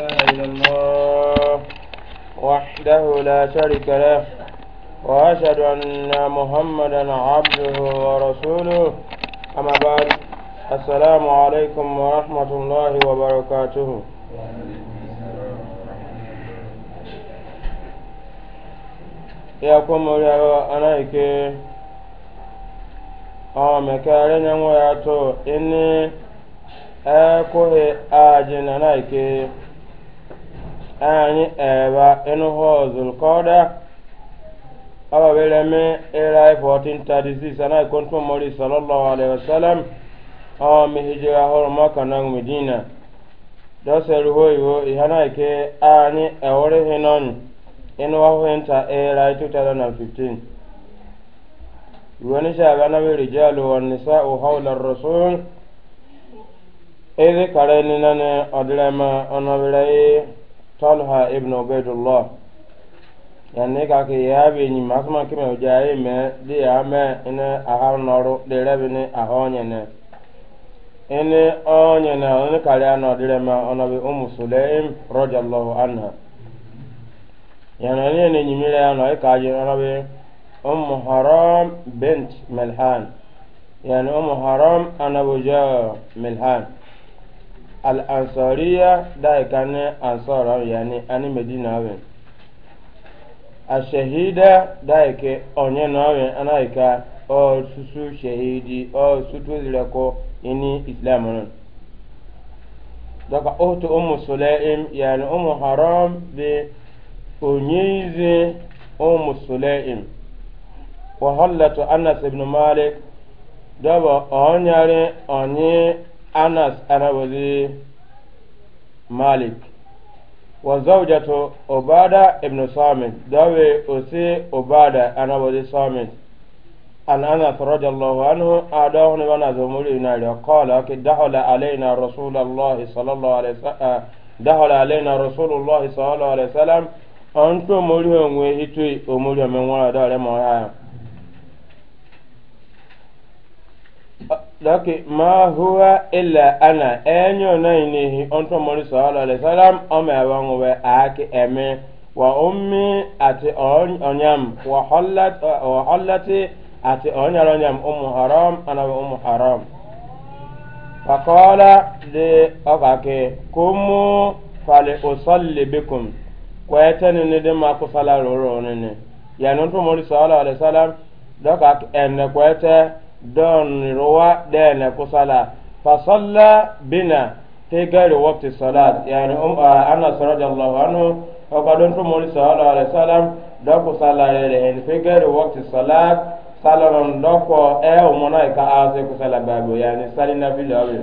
إله إلا الله وحده لا شريك له وأشهد أن محمدا عبده ورسوله أما بعد السلام عليكم ورحمة الله وبركاته يا كم يا أنايكي ọ mekere nye ya tụ ịnị ekwughi ajị na na ike anyị eba enuho zulkoda aba bere me era 1436 ana ikon tun mori sallallahu alaihi wasallam awa mi hijira horo maka na medina dose ruho iwo ihana ike anyị ewere ihe n'ọnyị inu ahụhịnta era 2015 iwe nisha abịa na mere rijalu wa nisa uhaula rasul ezi kare nina ne ọdịrịma ọnọbịrị talha ibn ubaidullah yanni ka ke ya bi ni masuma kime o ja ye me di ya me ina a har noru de rebi ni a honye ne ini onye ne oni kari ano dire ma ona bi umu sulaim radiyallahu anha yana ni ne nyimire ano e ka je ona bi ummu haram bint milhan yani ummu haram ana buja milhan al ansariya da ikane ansara yani ani medina wen ashahida da ike onye na wen ana ika o susu shahidi o sutu zirako ini islam nan daga ohtu ummu sulaim yani ummu haram bi onyizi ummu sulaim wa hallatu anas ibn malik daba onyare onye anas anabazi malik wa zawjatu ubada ibn samit dawe usi ubada anabazi samit عن أنس رضي الله عنه أداه وانا زمولنا قال دخل علينا رسول الله صلى الله عليه وسلم دخل علينا رسول الله صلى الله عليه وسلم أنتم مليون وهيتوي ومليون من وراء دار lọkị ma huwa illa ana enyo na inihi onto mori sallallahu alaihi ọ o me awangu we eme wa ummi ati onyam wa hollati ati onyaro onyam ummu haram ana wa ummu haram fali kwetani ni ma don ruwa da na kusala fa salla bina te gari waqti salat yani um anas radiyallahu anhu o ka don tumo sallallahu alaihi wasallam da kusala re hen fe gari waqti salat salaron doko e o mona ka ase kusala babu yani salina bil awil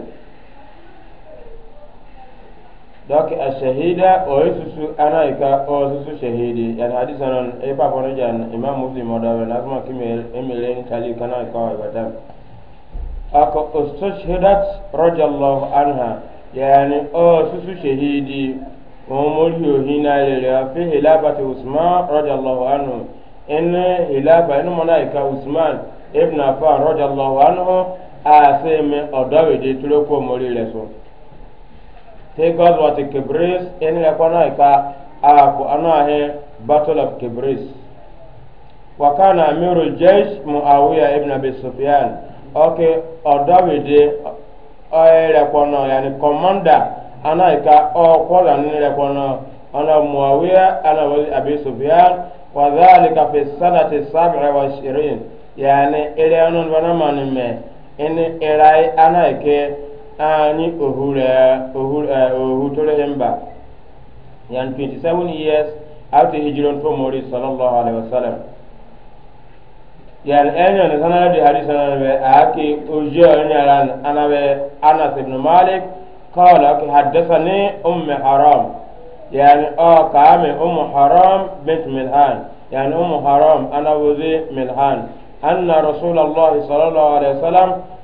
donc a shahida o ye susu ana i ka o susu shahidi yani hadisa non e pa kono jan imam muslim o dawe na kuma kime emile ni tali kana i ka o ba dam ako ustushhidat radiyallahu anha yani o susu shahidi o mori o hina lele fi hilafati usman radiyallahu anhu in hilafa in mona i ka usman ibn affan radiyallahu anhu a se me o dawe de tulo ko mori le te gazwati kibris en la kona ka a ko ana he battle of kibris wa kana amirul jaysh muawiya ibn abi sufyan okay odawide kwa kono yani commander ana ka o ko la ni le kono ana muawiya ana wali abi sufyan wa dhalika fi sanati 27 yani ile anon wana manime en erai ana ke ani ohura ohura eh, ohutore yamba yan 27 years after hijron to mori sallallahu alaihi wasallam yan enyo ne sanara de hadis sanara be ake ojo ne ran anabe anas ibn malik qala ki haddathani umm haram yani o kaame umm haram bint milhan yani umm haram ana wuzi milhan anna rasulullah sallallahu alaihi wasallam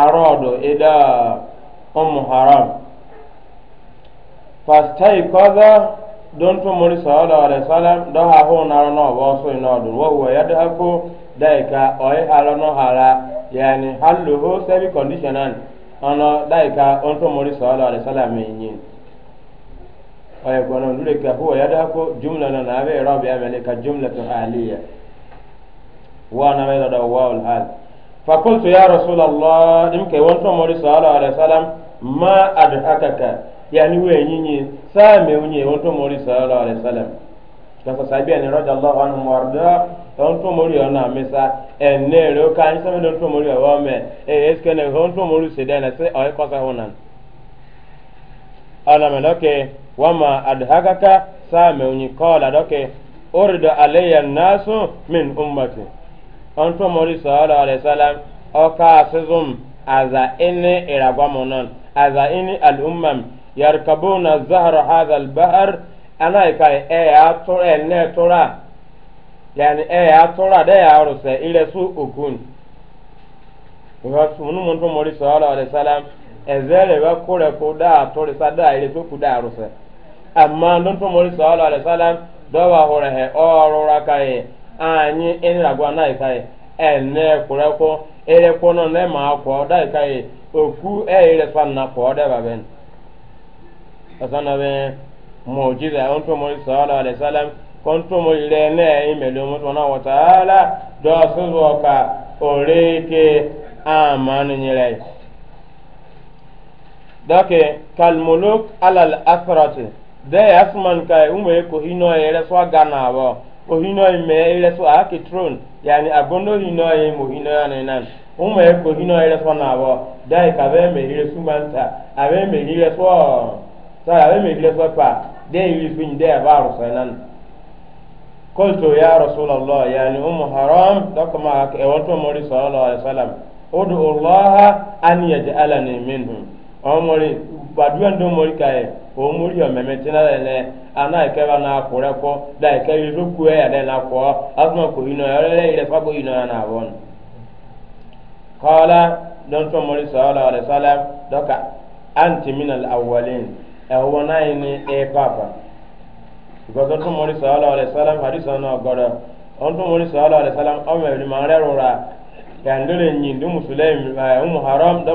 ọdụ ila ummu haram fastai kaza don to mori sallallahu alaihi wasallam do ha ho na no bo so ina do wa huwa daika oy hala no hala yani halluhu sabi ono daika on to mori sallallahu alaihi wasallam ka jumla na na be ka wa na be da al فقلت يا رسول الله إنك وانت صلى الله عليه وسلم ما أدهكك يعني وينيني سامي وني وانت مولي صلى الله عليه وسلم kasa sabi ani rɔja allah na misa ɛnɛ rɛ ka anyi sɛmɛ tɔn tó mori yɔ wɔ si dɛ ne se ɔyɛ onto mori sallallahu alaihi wasallam o ka sizum aza ini iragwamonon aza ini al'ummam yarkabuna zahra hadha al-bahr ana ikai e ya to e ne tora yani e ya tora de ya ruse ile su okun wa sunu monto mori sallallahu alaihi wasallam ezele wa kore ko da tori sada ile su ku da ruse amma don anyị ịnragwa naịka ene kwụrekwụ ịrekwụ na ma akwọ daịka okwu eyireswa na kwọ debaben ọsanabe mujiza onto mori sallallahu alaihi wasallam konto ne imelu mutu na wa taala do su ka oreke amanu nyire dake kalmuluk alal asrati de asman kai ume hino yere swa o hinoy me ile so a ke tron yani agondo hinoy e mo hinoy na nan o me ko hinoy na bo dai ka be me ile su manta a be me ile so sa a me ile so pa de ile fin de ba ro nan qultu ya rasulullah yani umu haram da kuma e wato mori sallallahu alaihi wasallam ud'u allah an yaj'alani minhum o mori badua ndo mori kae o muri o meme tina ana na akure ko da ku ya na ko azma ko ino ya lele fa ko na bon qala don to mori sallallahu alaihi salam doka anti min al awwalin e e papa to mori salam hadisa na gora on to mori o ma re nyi ndu ba haram da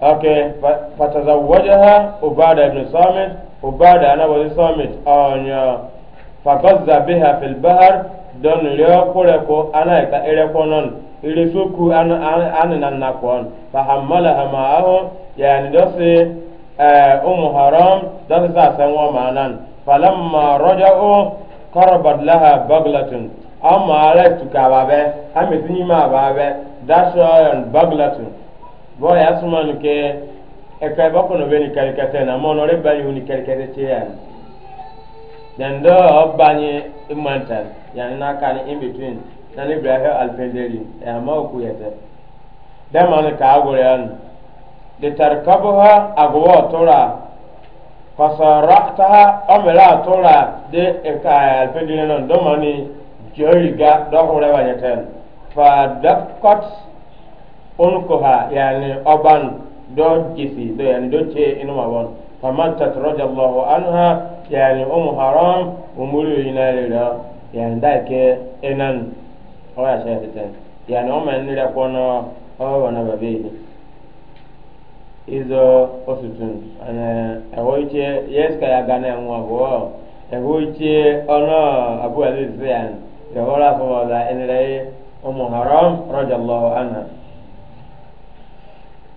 ake fatazawwajaha ubada ibn samit ubada anabazi samit anya fagazza biha fil bahar don leo kure ko ana ka ere ko non ire soku an an nan na ko fa yani um haram sa san wa manan falamma raja'u qarabat laha baglatun amma alaitu dasha baglatun bɔɔl yaa suma ni kɛ ɛkɛ ba kɔnɔ bɛ ni na mɔnɔ ɔrɛ ba yiwu ni karikɛtɛ tse yan dan dɔ ɔba nye imanta yanni n'a ka ni in between na ni ibrahim alifɛndeli ɛyà ma o ku yɛtɛ dama ni kaa gɔrɔ yan de tari kabo ha agowɔ tora kɔsɔrɔ taha ɔmɛlɛ a tora de ɛka alifɛndeli nɔ dɔmɔ ni jɔyiri ga dɔkɔrɔ wa yɛtɛ fa dakɔti. unkuha yani oban do jisi do yani do ce inu mabon famattat radiyallahu anha yani umu haram umuru ina lera yani da ke enan oya shay fitan yani o men kono o babe izo osutun ana ya gana nwa go ewoiche ono abu aziz yan da wala ko da enere umu haram radiyallahu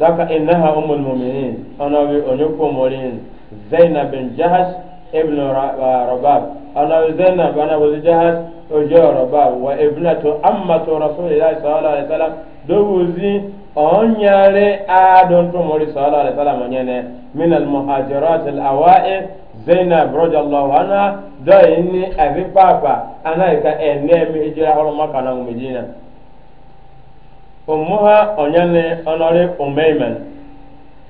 daka innaha ummul mu'minin ana bi onyoko morin zainab bin jahash ibn rabab ana bi zainab ana bi jahash ojo rabab wa ibnatu ammatu rasulillahi sallallahu alaihi wasallam do wuzi onyare adon to mori sallallahu alaihi wasallam onyene min al muhajirat al awa'il zainab radiyallahu anha do inni abi papa ana ka enemi hijra horo makana medina أمها أنيني أنوري أميمن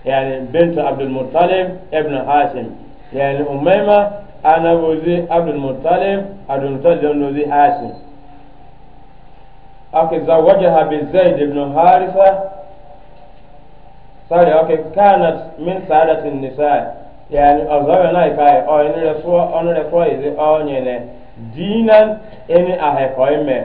يعني بنت عبد المطلب ابن هاشم يعني أميمة أنا وزي عبد المطلب عبد المطلب وزي هاشم أوكي زوجها بزيد بن حارثة sorry أوكي كانت من سعادة النساء يعني أزوجها نايكاي أو إن رسول أو إن رسول إذا أو دينا إن أهفايمه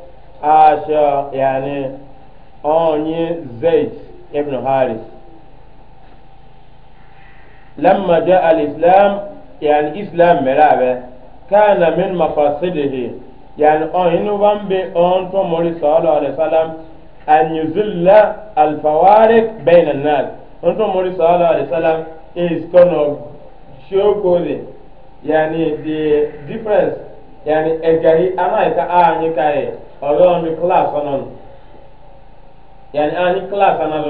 asha yani onye zaid ibn haris lamma jaa al-islam yani islam merabe kana min mafasidihi yani on inu bambe on to mori sallallahu alaihi wasallam an yuzilla al-fawarik bayna an-nas on to mori sallallahu alaihi is kono shokole yani the difference yani egari ama ka anyi ọlọ́run mi kíláàsì ọ̀nà nù yàní àní kíláàsì anadó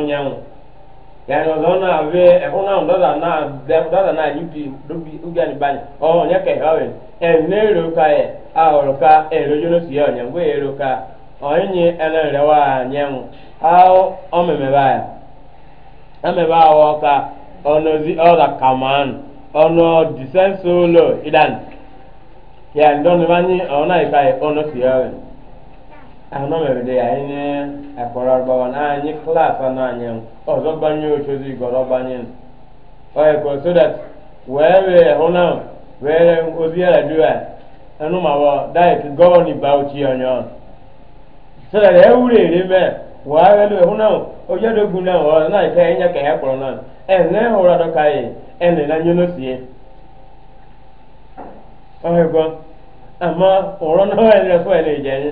ọ̀dọ́ náà wé ẹ̀hún náà dọ́dà náà dọ́dà náà yí bi dóbi ubi àni bani ọ̀hún nyẹ kẹ̀hẹ́ ọ̀wẹ̀ ẹ̀nẹ́ èrò ka yẹ ahọ̀rọ̀ e, ka èrò yóò sì yẹ èrò ka rẹ̀ wá ọ̀mẹ̀mẹ̀ báyà ẹ̀mẹ̀ báyà ka anọmebide ya na ekpọrọ agbawa na anyị klaasị anọ anyị ọzọ gbanye ochozi igọrọ gbanye ọyịkọ so that wee wee hụ na wee ozi ya redio ẹnu ma wọ daik gọọni ba ochi ọnyọ so that e wuru wee wee wee hụ na oye dogun na na ka ya kpọrọ na ẹ nne hụrụ ẹ na ọ fọ anyị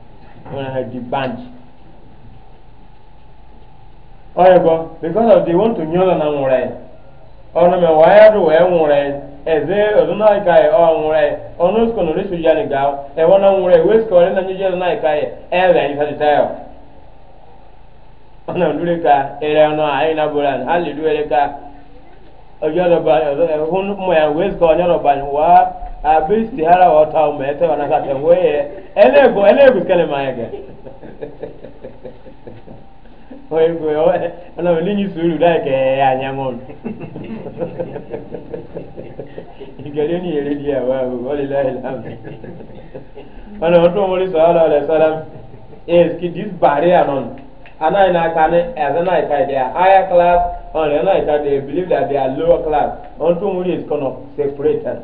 nwere di band oye because of they want to nyola na nwere e e e ọnụ me waya do wee nwere eze ọdụna ika ọ nwere ọnụ sko no risu ya ni ga e wona nwere we sko ni na nyejela na ika e ele ni hadi tayo ọnụ ndure ka ere ọnụ ayi na bolan hali duere ka ọjọ́ lọ́ba ẹ̀hún mọ̀ ẹ̀ wẹ́sìkọ̀ ọjọ́ lọ́ba ni wàá abi sihara wata umete wanataka ngoye elego elego kalema yake oyigo yowe ana welinyi suru dake anyangon igalioni eledi ya wabu walilahi alhamd ana watu mwali sallallahu alaihi wasallam is eh, ki this barrier non ana ina kane as ana ika they are higher class and ana ika they believe that they are lower class onto mwali is kind of separated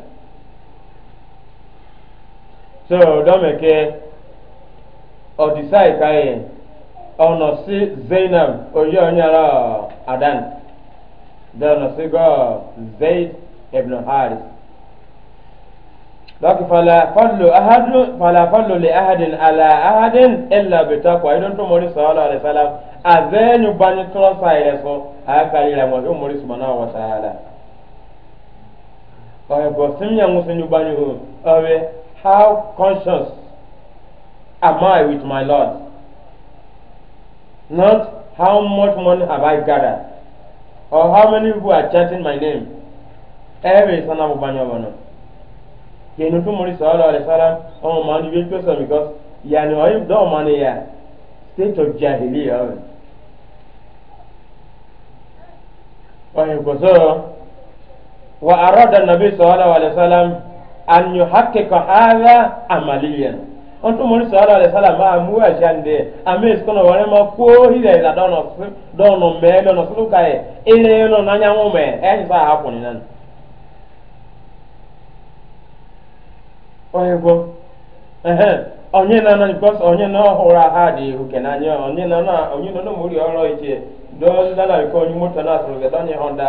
so dɔmi ke ɔdisai ka ye ɔnɔsi zainab oyi ɔnyala adan dɔnɔsi gɔ oh, zayd ibn haris dɔki fala fallo ahadu fala fallo le ahadin ala ahadin illa bi takwa idon to mori sallallahu alaihi wasallam avenu bani tɔlɔ sa yɛrɛ fɔ a y'a kari yɛrɛ mɔ o mori sumana wa taala ɔyɛ bɔ simiya ŋusu ni bani o ɔbɛ. how conscious am I with my Lord? Not how much money have I gathered or how many people are chanting my name. Every son of Banyabana. Yenu tu muri sallallahu alaihi wasallam o man you will person because yani o do money ya state of jahiliya. Wa yukoso wa arada an-nabi sallallahu alaihi wasallam an ha hadha amaliyan onto mori sala alaihi wasallam amu ajande ame iskono wore ma ko hile la dono dono me dono ma kai ile no nanya ngume eh sa hapo ni nani oyego ehe onye na na because onye na ohura ha di na onye onye na do na na ko na donye honda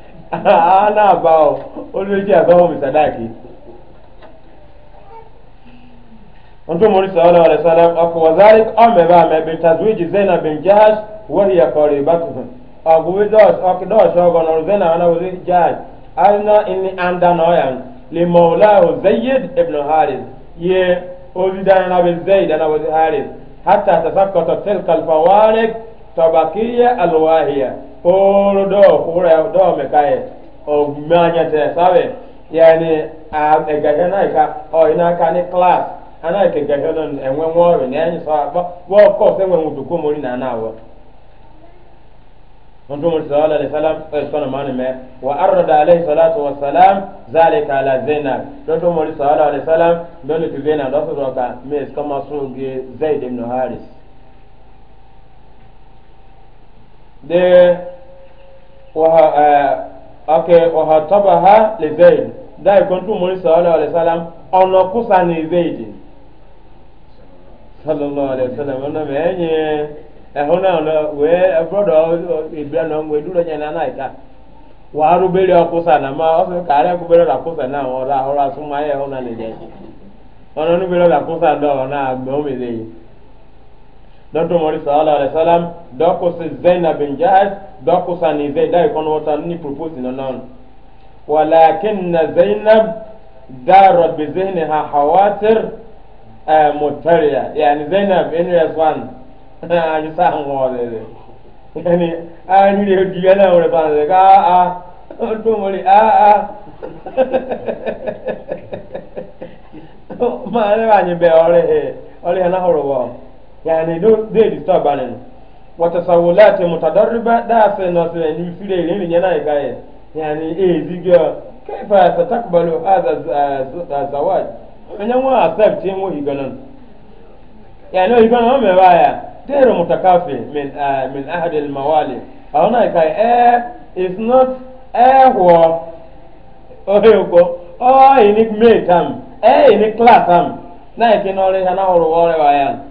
náà o ọ olùdíje àbáwọ mùsàdáàkì. Ntumuri sallallahu alaihi wasallam ako wazalik ame ba ame bi tazwiji Zainab bin Jahash wa hiya qaribatuhum agubi dos akido shogo no Zainab ana wuzi Jahash alna inni anda noyan li maulahu ibn Haris ye ozidan na bi Zayd Haris. wuzi Harith hatta tasakkata tilka al-fawarik tabaqiyya al ooro dɔɔ kuhura dɔɔ mi ka o maanya tɛ sabe yani a e gɛgɛ na yi ka ɔ ina ka ni class ana yi ke gɛgɛ na ɛŋwɛ ŋɔɔri ni ɛnyi sɔ bɔ bɔ kɔ sɛ ŋwɛ ŋutu ko mori na na wɔ ntun sɔrɔ la salam ɛ e, sɔnna maa ni mɛ wa arɔda alayhi salatu wa salam zaale k'a la zena dɔtɔ mori sɔrɔ la salam dɔnni ti zena dɔtɔ dɔ kan mɛ kama sun ge zayi de haris. de waha uh, ake waha tabaha li zaid da ikon e tu muri sallallahu alaihi wasallam ono kusa ni zaid sallallahu alaihi wasallam ono eh, ono we eh, brodo no we na ita wa arubere okusa na ma o ka re kubere la kusa na ora ora suma ye ona ni ono la kusa do na dɔtɔ mɔri sɔhala alayisalam dɔkusi zainab bin jahaz dɔkusa ni zayi dayi kɔnɔ wata ni propose na nɔn walakin na zainab daarɔ bi zihni ha hawatir ɛɛ eh, mutariya yaani zainab in real one a yi sa ŋɔɔ de de yaani a yi de diya na wɛrɛ fan de ka a dɔtɔ mɔri a a maa ne b'a ɲɛ bɛɛ ɔre he ɔre hɛn na hɔrɔn yani no dey disturb anan wata sawulati mutadarriba da sai na sai ni fire ne ne yana gaye yani eh ziga kaifa satakbalu hadha zawaj anyan wa accept mu higanan yani higanan me baya غير متكافي من آه من أحد الموالي هنا كاي eh is not eh هو oyoko oh ini mate am eh ini class ya na ikinoleha na horo wore wayan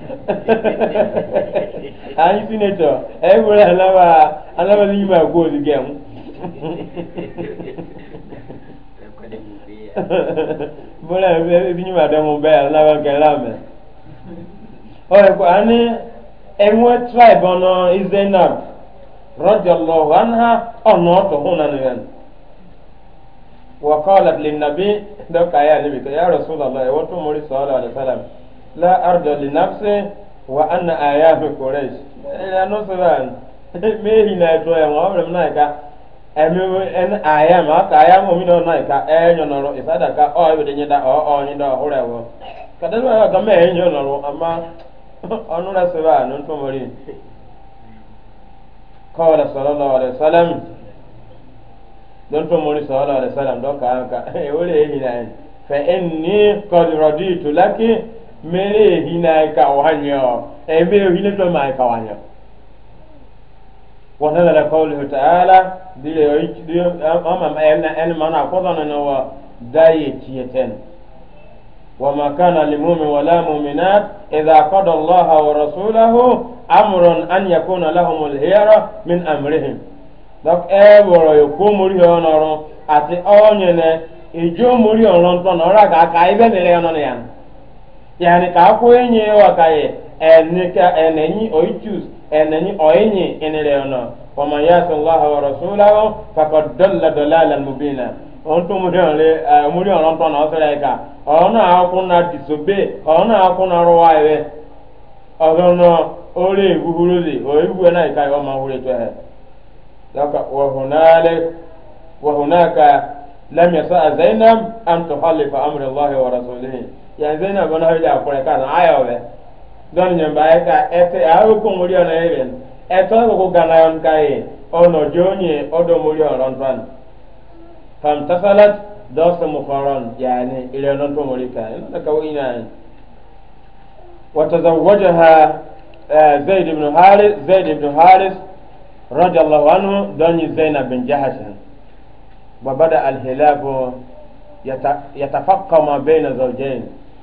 anyị sinetọ enwere anabala ime agwa ozige m bụla ebi nyuma dẹ́ mu bẹ́ẹ̀ alábà gẹ̀lá mẹ́. ọ̀rẹ́ tribe ọnụ izenab rọ́jọ̀lọ́ wàhánà ọ̀nà ọ̀tọ̀ hún nánú yẹn. wọ́kọ́ ọ̀làdìlẹ̀ nàbí dọ́kà yà níbi tó yà ya sọ́lá lọ ẹ̀wọ́n tó la arda li nafsi wa anna ayafi quraish ya no me hi na to ya wa bram na ka emi en aya ma ka aya mo na ka e nyo no isada ka o bi de nyida o o ni do wo ka wa ga me nyo ama onu na saban no to mori qala sallallahu alaihi wasallam don to mori sallallahu alaihi wasallam don ka e wole hi fa inni qad raditu laki mere ehina ikawanyo ebe ehina to ma ikawanyo ونزل قوله تعالى دي دي أمام أن أن من أقصنا نوا دايتيتن وما كان لمؤمن ولا مؤمنات إذا قضى الله ورسوله أمر أن يكون لهم الهيرة من أمرهم dɔk ɛwɔrɔ yoko muri ɔnɔrɔ ati ɔnyɛnɛ idzo muri ɔnɔntɔ nɔrɔ kaka ibɛ nire ɔnɔnɛ yan. yani ka kwenye e e e wa kaye enika enenyi ọnọ enenyi oenyi eneleono waman yasa allaha wa rasulahu fakad dalla dalalan mubina ontu muriole muriole ontu na osereka ona akuna disobe ona akuna ruwaiwe ọdọnà orí ìwúhúrú lè oríwú náà ìka ìwọ máa wúre tó ẹ lọkà wọhùnáàkà lẹmìẹsọ àzẹyìnàm àǹtọ̀hálẹ̀fà amúrẹ̀lọ́hìn wọ̀rọ̀sọ̀lẹ́yìn. yanzu yana bana hali a kure kana ayo be don nyam ba ka ete a o ko muri ona even eto ko ko gana yon kai ono jonye odo muri ona ran fam tasalat dos mufaron yani ile non to muri ina ka wina wa tazawwajaha zaid ibn harith zaid ibn harith radiyallahu anhu donyi zainab bin jahashan وبدأ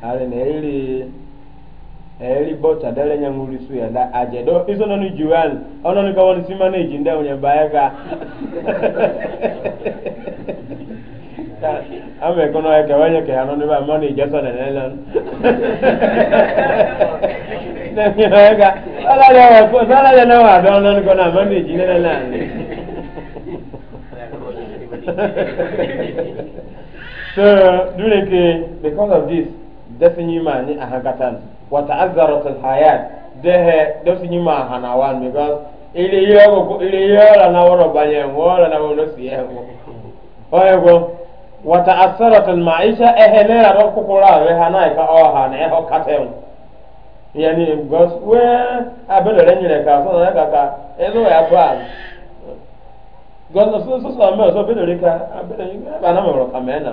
ari na eri eri bota dare nya nguri da aje do iso no ni juan ono ni kawon si manage nda unya baya ame kono ya kawanya ke ano ni ba money jason na nelan na ni ga ala ya wa ko ala ya na wa do no ni kono money jine na na so dule ke eh, because of this dasi nyima ni ahagatan wa ta'azzarat al hayat dehe dasi nyima hana wan because ile yego ile yela na woro banye wala na wono siyego oyego wa ta'assarat al ma'isha ehelera ro kokora we hana ka o hana e ho katem yani because we abelo renyere ka so na ka ka elo ya ba gọ́nà sọ́sọ́sọ́ àmì ọ̀sọ́ bẹ́ẹ̀ lórí ká abẹ́rẹ́ yìí bá náà mọ̀rọ̀ kàmẹ́ na.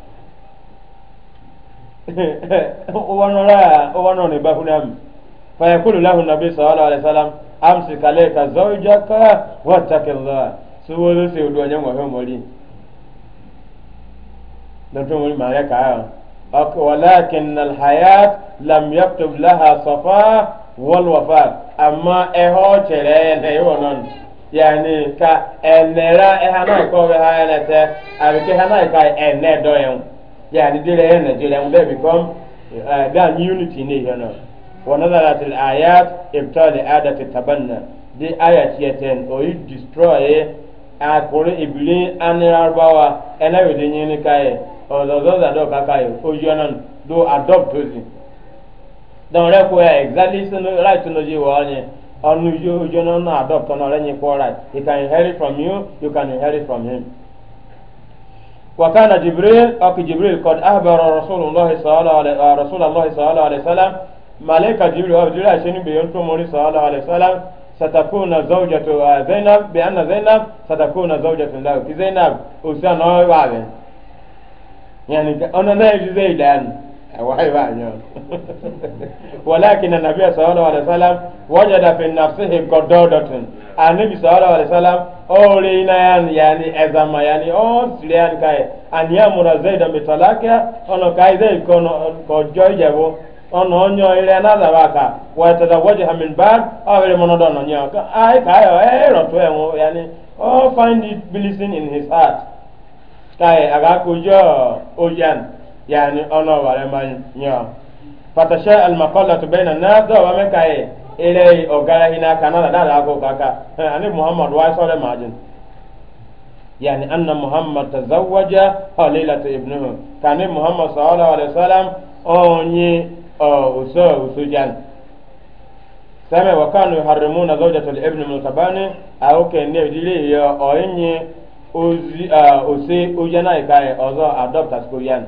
uwanora uwanone bahunam fayakulu lahu nabi sallallahu alaihi wasallam amsik alayka zawjaka wattaqillah suwolo se odwa nyangwa ho mori ndoto mori mare ka ak walakin al hayat lam yaktub laha safa wal wafa amma eho chere ne yonon yani ka enera ehana ko be ha enete abike hana ka enne doyen they are the delay in Nigeria and they become uh, they are unity in you know ونظرت الآيات ابطال عادة التبنى دي آيات يتن أو destroy akore ibili anirarbawa ena wede nyini kaye ozozo za do kakaye ojonan do adopt ozi don re ko ya exactly so no right no je wa onye onu yo ojonan na adopt no re nyi ko right he can inherit from you you can inherit from him وكان جبريل أو جبريل قد أخبر رسول الله صلى الله عليه رسول الله صلى الله عليه وسلم ملك جبريل أو جبريل عشان بينتم صلى الله عليه وسلم ستكون زوجة زينب بأن زينب ستكون زوجة له في زينب وسنة وعبين يعني أنا ناجي زيدان wai ba nyo walakin annabi sallallahu alaihi wasallam wajada fi nafsihi qaddatun annabi sallallahu alaihi wasallam ore ina yan yani ezama yani o oh, silian kai an ya murazaida ono kai dai kono ko joyebo ono onyo ile na da min bad awele monodo no nyo ai eh, e ro to o find it blessing in his heart kai aga ko jo yani ono wale man nya fatasha al maqallatu baina nas da wa meka e eh. ile ogara hina kana da da ko kaka eh, ani muhammad wa sore majin yani anna muhammad tazawwaja halilatu ibnuhu kana muhammad sallallahu alaihi wasallam onye uso usujan sɛmɛ wa kanu yuharimuna zawjatul ibni mulkabani awo kɛ ne dili yɛ ɔyɛ nye ozi ose oyanayika yɛ ɔzɔ adopt as koyan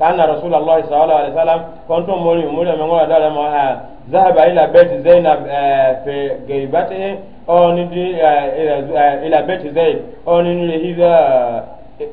كان رسول الله صلى الله عليه وسلم كنت مولي مولي من قول دولة ما ذهب إلى بيت زينب في غيبته أو ندي إلى بيت زيد أو ندي لهذا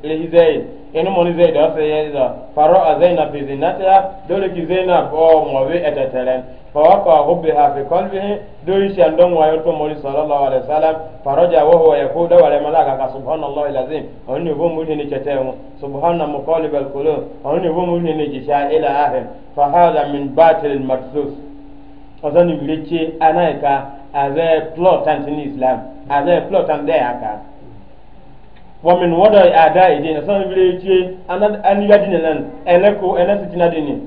لهذا enu moni zaid asa yeza faro a zainab bi zinatiha dole ki zainab o mobe etetelen fa waqa hubbiha fi qalbihi dole shi andon wa yoto moni sallallahu alaihi wasallam faraja wa huwa yaqulu wale la malaka ka subhanallahi alazim onni bo muni ni chetemu subhana muqalib alqulub onni bo ni jisha ila ahim fa hada min batil marsus azani bileche anaika as a plot anti islam as a plot and there wɔmin wɔdɔ ada ede na sɔn ebile etie ana aniwa di ne nan ɛnɛ ko ɛnɛ si tina di ne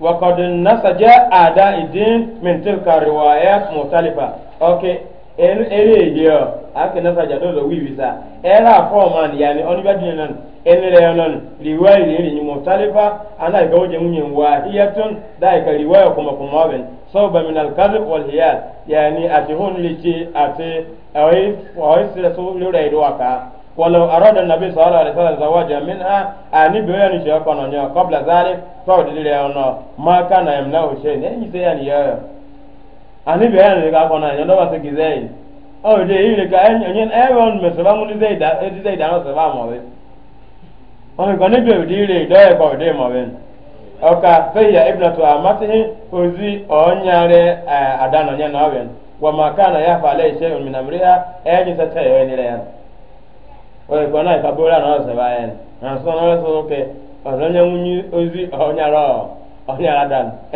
wakɔdi nasa jɛ ada ede mintil kariwaayɛ mutalifa ɔke en ere eje ake na saja do do wiwi sa era foreman yani oni ba dinan en le non riwaya ni ni mutalifa ana ga oje munye wa hiyatun da ka riwaya kuma kuma ben sawba min al kadhib wal hiyal yani atihun li chi ate awai awai sira so lo dai do aka ولو أراد النبي صلى الله عليه وسلم زواجا منها أني بيان شيئا كنا قبل ذلك فقد لي ما كان يمنعه شيء يعني يا ani bɛ yan ka kɔnɔ yan dɔ se ye e, e, ka ɛ ɲɛ ɛ bɛ wɔn mɛ sɛbɛn mun da da sɛbɛn mɔ bɛ ɔ nka ne bɛ di dɔ yɛ kɔ de ka to a ma se ozi ɔ nyaare ɛ e, a da nɔ ɲɛ nɔ bɛ wa ma kan na y'a fɔ ale ye sɛ miri ya ɛ ɲɛ sɛ tɛ yɛ ne la yan ɔ ye kɔnɔ ye ka sɛbɛn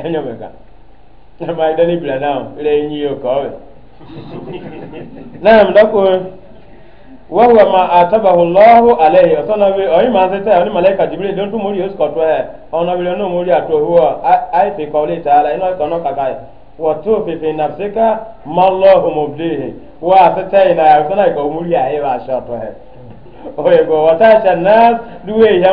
yɛ nka ozi ma ida ni bila naa ile nyi yo ko naam dako wa huwa ma atabahu allah alayhi asana bi o ma se ta ni malaika jibril don tu muri usko to he ona bi no muri ato huwa ai fi qawli ta'ala ina ko no kakai wa tufi fi nafsika ma allah mublihi wa se ta ina asana ko he o ye go wa ta sha nas duwe ya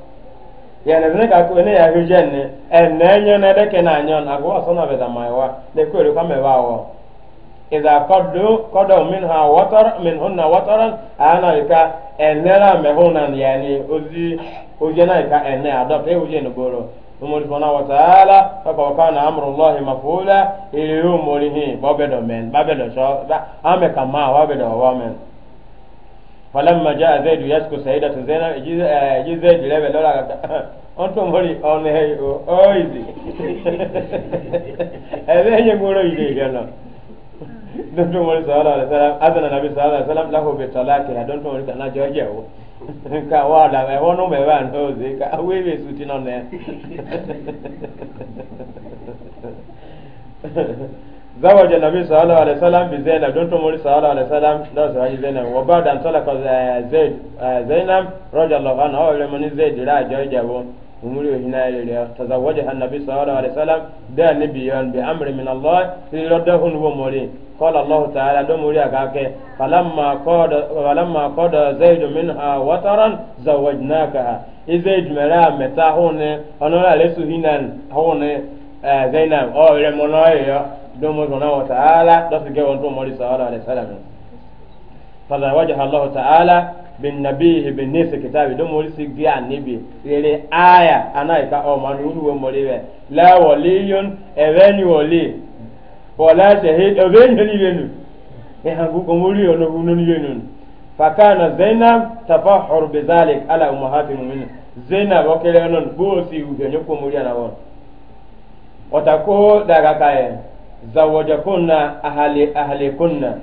yana bine ka ya hujjan nyo ne de kena nyo na so na beda mai wa de ko e ru ka me ba wo idha qaddu qadaw minha watar minhunna wataran ana ika ozi ozi na ika enne adop e ozi ne boro umuri fona wa taala fa kana amru allah mafula babedo men babedo sho ame kama wa men falamma jaa zaidu yasku sayidatu zainab eji eh, zaidu lebe lora kaka on to mori on he o oizi ebe nye ngoro ide gano don to mori sallallahu alaihi wasallam azana nabi sallallahu alaihi wasallam lahu bi talaqi don to mori kana joje o ka wa da me wono me ba no ze ka we be suti no ne zawaja nabi sallallahu alaihi wasallam bi zainab don tumuri sallallahu alaihi wasallam da sahaji zainab wa ba'da an talaka uh, zaid uh, zainab radiyallahu anha wa oh, lamani zaid ra jajabo umuri wa hina ile tazawaja an nabi sallallahu alaihi wasallam da nabi yan bi amri min allah li radahu wa muri qala allah ta'ala don muri akake falamma qada falamma qada zaid minha wataran zawajnaka izaid mara meta hone onora lesu hinan hone uh, zainab o oh, remono e yo domo subhanahu wa ta'ala dosi ge won to mori sallallahu alaihi wasallam fala wajaha allah ta'ala bin nabihi bin nisi kitabi domo mori si ge anibi rere aya anaika o man ru wo mori we la waliyun eveni wali wala shahid eveni ni benu e hangu ko mori ono bunu ni benu fakana zainab tafahhur bizalik ala ummahati mu'minin zainab okele non bo si u ge nyoko mori ana won otako daga kae zawajakunna ahali ahalikunna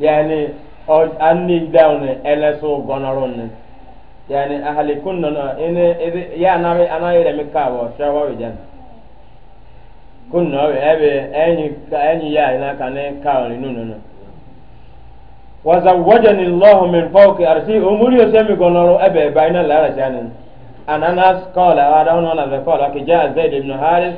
yani anni dawne ele so gonoronne yani ahalikunna no ene ya nawe anayere mikawo shawa wijan kunna we ebe enyi enyi ya ina kane kawri nunu no wa zawajani allah min fawqi arsi umuri yosemi gonoro ebe baina la rajanin ananas qala wa dawna la qala ki ja zaid ibn harith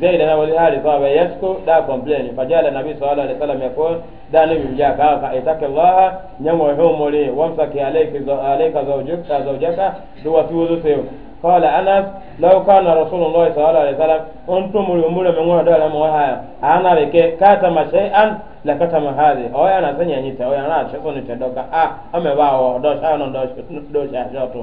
zaid na wali ali baba yasku da complain fajala nabii sallallahu alaihi wasallam yakul da nabi mja ka ka itaka allah nyamo homole ki alayka alayka zawjuka zawjaka duwa tuzu sew qala anas law kana rasulullah sallallahu alaihi wasallam antum umule mengona dala mwa haya ana beke kata mashay'an la kata mahadhi o yana sanya nyita o yana shekoni tedoka a ah, amebawo do sha no do sha do sha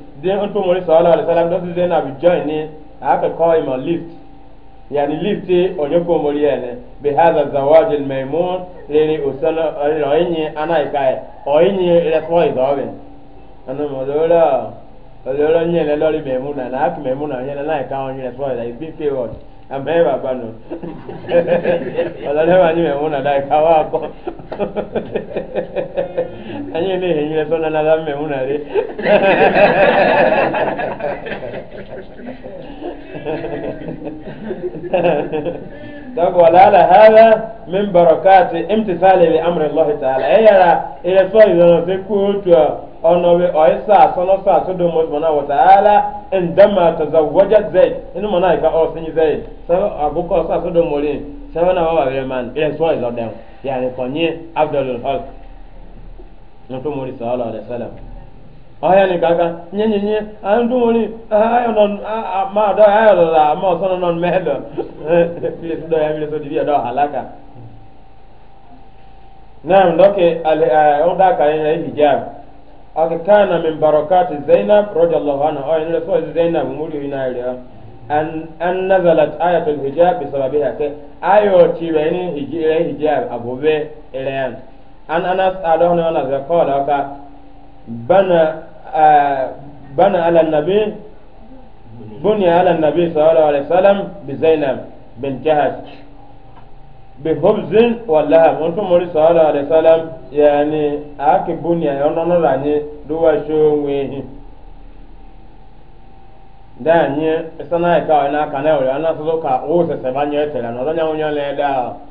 den on to mori sallallahu alaihi wasallam dosi den abi join ni aka call him a lift yani lift eh, onye ko mori ene bi hadha zawaj al maymun lili usana oyin ana ikai oyin refo idobin anu modola odola nyele lori maimuna na ak maimuna nyele na ikai oyin refo idobin bi pe word ambaye baba no wazale wanyi memuna dai kawako anyi ne hinyile sona na la memuna re donc walaala hada min barakati imtisali bi amri allahi taala ila se do wa taala inu ka oh, uh, do na wa wa man ila n'o to ọhịa ni kaka nye nye nye andu woni ayo non ma do ayo la ma so non mehdo bile do ya so di do halaka nam doke al oda ka hijab aka kana min barakati zainab radiyallahu anha ayo ne so zainab muri ina an an nazalat ayatul hijab ke ayo ti be ni hijab an anas adon ne ona ze ka bana bana ala nabi buni ala nabi sallallahu alaihi wasallam bi zainab bin jahash bi hubzin wallaha mun to mori sallallahu alaihi wasallam yani ake buni ya nono ranye duwa sho wehi da nye sana ka na kana ora na so ka o se se banye tela no nya unya le da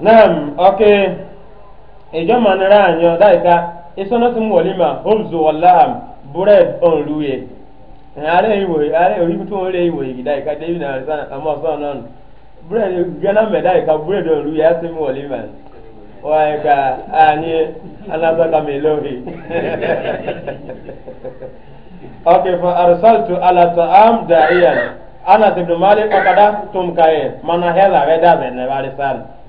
naam oke ejo manara anyo daika isono tum walima homzu wallaham bread on ruye are iwo are iwo yi daika na sana amo so non bread gana me daika bread on ruye asim walima waika anyi anaza kamelohi oke fa arsaltu ala ta'am da'iyan ana ibn malik akada mana hela weda ne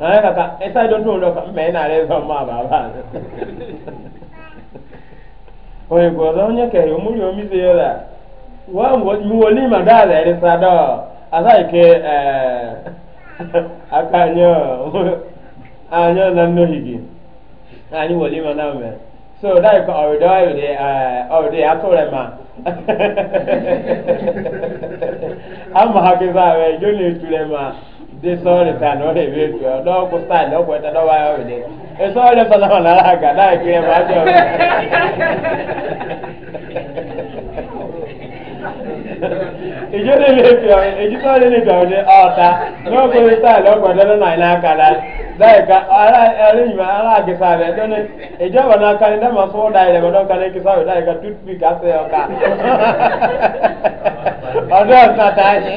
ayi kaka ɛsɛ dɔ tún lɔ kan mɛ ɛna rɛ zɔn ma baba oye gbɔdɔ nye kɛ omuli omi se yɛ la wa ma dɔ alɛ ɛdi dɔ asa yi ke ɛɛ aka nyɔ anyɔ nanu higi anyi wòlí ma so dɔ yi kɔ ɔyɔdɔ ɔyɔdɔ ɛɛ ɔyɔdɔ ato rɛ ma ama hakisa de sɔɔri ta ni o de bɛ fi ɔ dɔw ko sa lɛ o bɔ ɛtɛ dɔw b'a yɔ wele e sɔɔri sɔlɔ wala la ka n'a ye kiri ma jɔ ìjọ de lè fi ɔ ìjọ sɔɔri lè fi ɔ de ɔta n'o ko sa lɛ o bɔ ɛtɛ dɔw n'a yɛ kala dai ka ala ala yi ma ala ke sa le don e jaba na kan da ma so dai le don kan ke sa dai ka tut bi ka se ka ada sa ta ni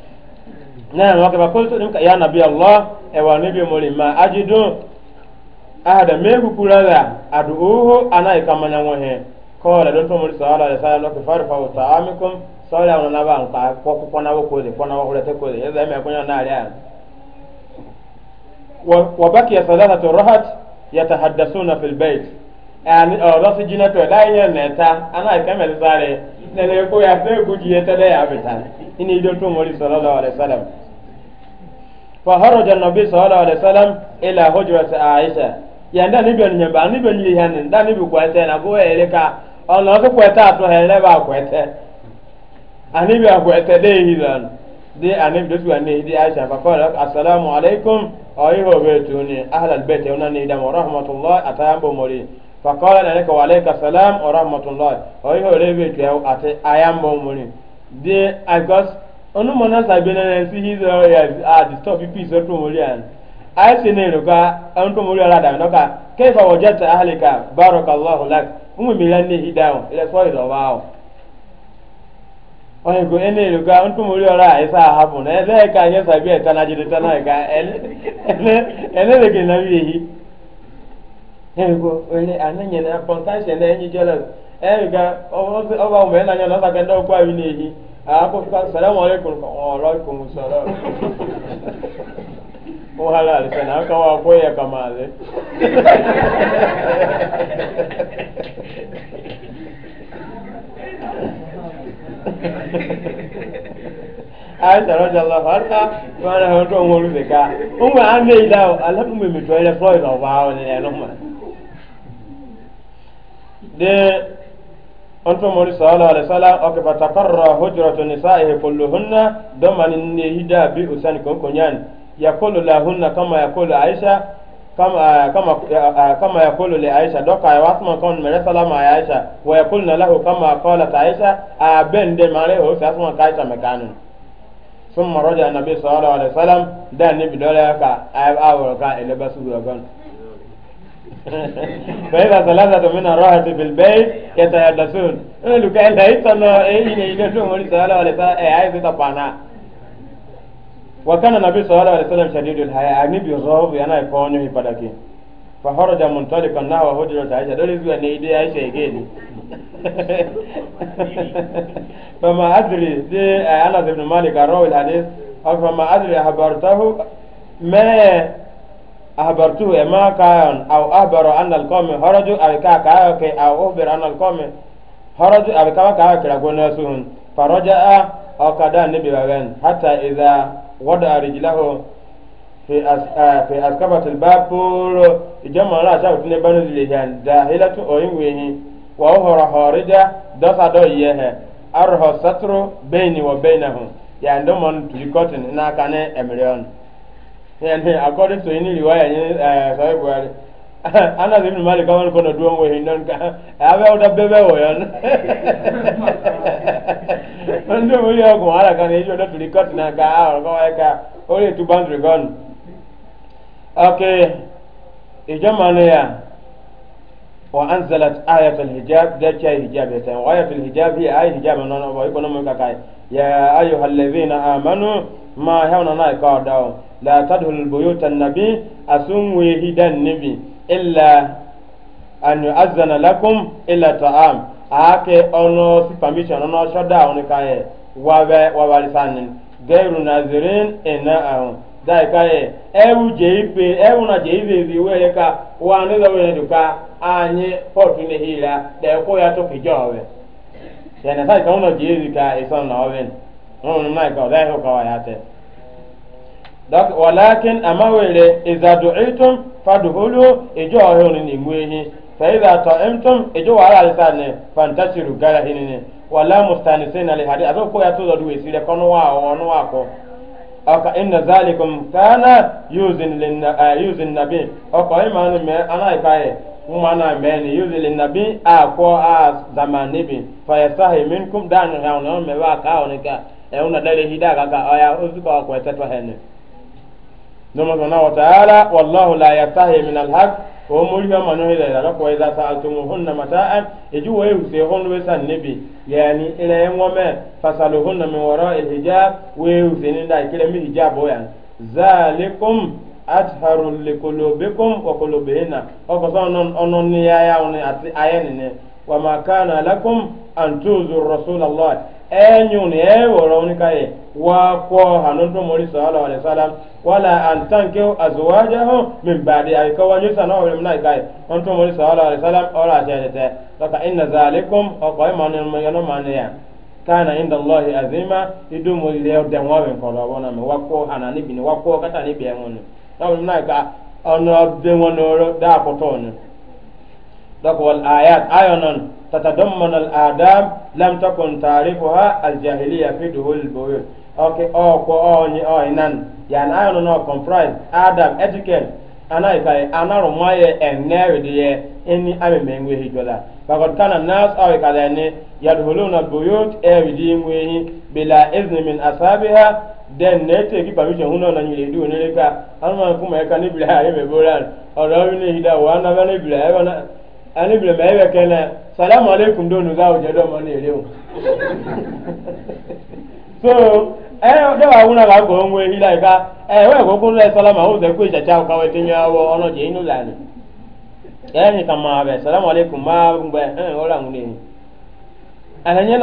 نعم وكما قلت لك يا نبي الله ايوا نبي مولي ما اجد احد ميغو كولا ادعوه انا كما نوه قال دون تمر صلى الله عليه وسلم لك فارفعوا طعامكم صلى الله عليه وسلم كوكو كنا وكوزي كنا وكوزي كوزي اذا ما كنا نعلم وبقي ثلاثة رهط يتحدثون في البيت yani ọ̀rọ̀ sí jiná tó ẹ̀dá yẹn nẹ̀ta aláìkẹ́mẹ̀ sáré nẹ̀lẹ́kọ́ yà fẹ́ gùjì yẹn tẹ́lẹ̀ yà bìtà ní ìjọ tó mọ́lì sọ̀rọ̀ lọ́wọ́ rẹ̀ sálẹ̀mù. فخرج النبي صلى الله عليه وسلم إلى هجرة عائشة yanda ni bɛ nyɛ ba ni bɛ nyi hɛ da ni na ko hɛlɛ ka ɔnà ɔsi kɔɛtɛ ato hɛlɛ ba kɔɛtɛ ani bi akɔɛtɛ de yi lan de ani tu di aisha fa asalaamu aleykum ɔyi hɔ bɛ tuuni bɛ dama bɔ mɔri fa kɔɔla ka ka salaam hɔ bɛ bɔ mɔri onu mona sabena na si hizo ya a disturb peace to morian ai se ne roga an to morian la da no ka kaifa wajata barok barakallahu lak umu milani hidawo ila swali do wao oye go ene na ka jide ka ele ele na yi ele go ele ananya na pontage na enyi jolo ele ga owo owo me na nyo na akófíkà salamu aleykum ọlọ́ọ̀kùn sọ̀rọ̀ wọ́n hàlà àlùsẹ̀ náà kàn wá kó yẹ kà máa lé. aisha rajallahu anha mana hoto ngolu be ka umma ande ilaw ala umma mi to ile froy ba wa wala ne no ma de onto moni sallallahu alaihi wasallam o ke fatakarra hujratu nisaihi kulluhunna domani ne hida bi usani kon konyan yakulu lahunna kama yakulu aisha kama kama kama yakulu li aisha doka ya wasma kon mere salama ya aisha wa yakulna lahu kama qalat aisha abende mare o sa asma ka aisha mekanu summa raja nabi sallallahu alaihi wasallam da ne bidola ka ayi awra ka elebasu فإذا ثلاثة من الراحة في البيت يتحدثون قالوا كأن ليس الله إيه إلى نوم صلى الله عليه إيه عايز تبانا وكان النبي صلى الله عليه وسلم شديد الحياة النبي يزوب أنا يفوني يبدكي فخرج منطلقا نحو هجرة عائشة دول يزوى نيدي يدي عائشة يجيني فما أدري دي أنس بن مالك الراوي الحديث فما أدري أخبرته ما ahbartuhu e maa kaayon aw ahbaro anna alqawmi horaju abe kaa kaayo ke aw uhbir anna alqawmi horaju abe kaba kaayo kira gonasuhun farajaa o kada nibi wawen hatta idha wada rijlahu fi as fi askabati albab polo ijama la sha utne banu dilihan dahilatu o yinwehi wa uhora horija dosa do yehe arho satru baini wa bainahum ya ndomon tulikotin na kane emrion yani uh, according to ini riwaya ni uh, sahih bukhari ana ibn malik kama ko na duwan wahin nan ka abe oda bebe wo yan ndo mo ya ko ara kan ijo da tulikat na ka ara ko ay ka ore tu boundary gun okay ijo mane ya wa anzalat ayat al-hijab da ce hijab ya wa ayat al-hijab hi ay hijab non ba ko non ka kai ya ayyuhal ladhina amanu ma hawna na ka dawo la tadhul buyuta nabi asun wehi dan nabi illa an yu'azzana lakum illa ake ono si permission ono shoda oni kaye wabe wabali sanin nazirin ina ahun dai kaye ewu je ewu na je ibe ibe ka wa ne da we duka anyi potu ne hira da ya to kijowe yana je ka na na ya te dak walakin ama were iza du'itum fadkhulu ijo ahun ni ngwehi fa iza ta'amtum ijo wa ala fantashiru gara wala mustanisin li hadith azo ko ya do we sire kono wa ono wa aka inna zalikum kana yuzin lin yuzin nabi aka imanu me ana umana me ni yuzin lin nabi a fa yasahi minkum dan me wa ka onika e una dale hidaka ka aya uzuka nomo subhanahu wa ta'ala wallahu la yatahi min alhaq o mori ka manu hila ila la ko iza sa'altumuhunna mata'an eju wa yuse hon we san nabi yani ila yan wa ma fasaluhunna min wara'il hijab we yuse ni da kire mi hijab o yan zalikum atharu likulubikum wa qulubihina o ko son non ni ya ya oni ati ayani ne wa ma kana lakum an tuzu rasulullah enyuni eworo onikaye wa ko hanunto mori sallallahu alaihi wasallam wala antanke azwajahu min ba'di ay ko wanyu sana wa min ay onto mori sallallahu alaihi wasallam ora jete laka inna zalikum aqwa man ya kana inda allah azima na wa ka ono de wonoro da ko ton wal تتضمن الآداب لم تكن تعرفها الجاهلية في دخول البيوت أوكي أو كو أو ني أو إنان يعني أنا نو كومبرايز آداب etiquette أنا إكاي أنا رماي إنير دي إني أمي مينغوي هيجولا فقد كان الناس أو إكالاني يدخلون البيوت إيريدينغوي بلا إذن من أصحابها den na ete ki permission huno na nyile du ne ka anuma kuma ya ka ni bila ya be bolan oro ni hida wa na ba ni bila ya na ani bila mɛ bɛ kɛnɛ salamu aleykum do nu zaa o jɛ dɔ mɔ ne yɛrɛ o so ɛɛ eh, ne b'a wuna ka gɔn ŋue hila yi ka ɛɛ eh, wɛ ko kunu lɛ salama o zɛ ko jaja o ka wɛ ti awɔ ɔnɔ jɛ inu la ni ɛɛ eh, ni kama bɛ salamu aleykum maa n bɛ o la ŋun na nyɛ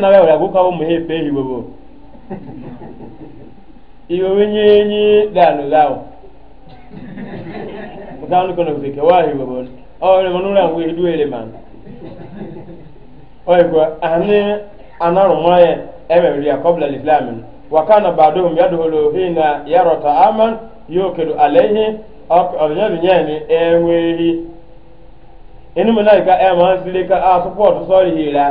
na bɛ o la ko nye nye da ọrẹ wọn lórí àwọn edu èrè màá ọyẹ kọ àní anárùnmọ yẹ ẹmẹ rí akọbìlẹ lìfìlámì wakana bàdó omi adóholo hìn na yàrọta aman yóò kédo ihe ọbìnyẹbìnyẹ ni inú mi ká máa ń sílé ká a sọ́ọ̀rì náà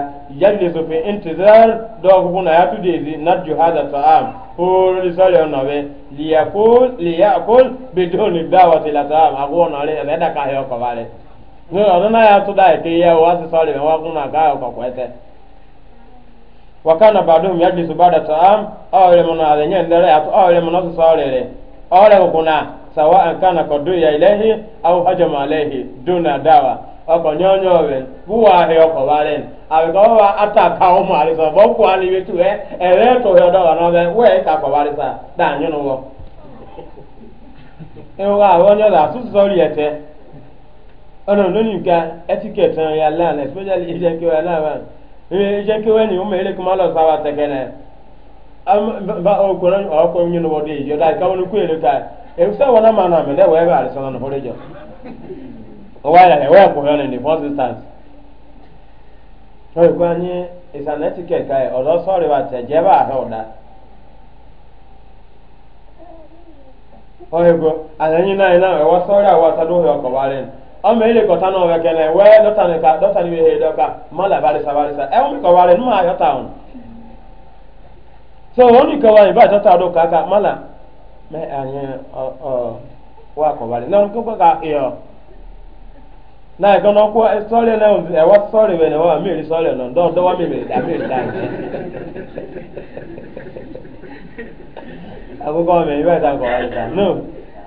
hàdà sọ́ọ̀rì ọ̀nà bẹ́ẹ̀ dáwọ̀ rẹ̀ ọkọ̀ bá rẹ̀. no ọdún náà yàtọ̀ dáa ètè yẹ na á sì sọ́ọ́ lèmi wọ́n kún náà gáà ọkọ̀ ẹsẹ̀. wakana baadum yajlisu baada taam au ile mwana yenye ndere atu au ile ọrịa sosale sawa kana kọdụ ya ilahi au hajama alehi e, na dawa ọkọ nyọnyọ rẹ wúwo ahịa ọkọ wa rẹ àbíkọ ataka ọmọ wee ọnọdụ etiket na ya laa na especially ije nkewa ya laa ee ije nkewa enyi ụmụ ele kuma lọsa wa tekene ba okoro ọkọ onye nọ dị ije dai ka wọn ku ele ka ewusa wọn ama na mele wee ba arịsa na hore jọ ọwa ya ewe ọkụ ya na first instance ọyọkọ anyị ya na etiket ka ọzọ sọrọ wa teje ebe ahụ ụda ọyọkọ anyị na anyị na ewe ma ilé kọta náà wẹ kẹlẹ dọtani ka dọtani dọka mọlẹ barisa barisa ẹ wọn kọ wari numu so wọn ni kọ wari báyìí dọta kaka mẹ anyị ọ ọ wọ akọ wari náà kọ ka iyọ náà ẹ kọ́nà kó sọ́ọ̀lì náà ẹ wọ sọ́ọ̀lì bẹ ní wọ́n mi rí sọ́ọ̀lì náà dọ́wọ́ dọ́wọ́ mi rí dàmí no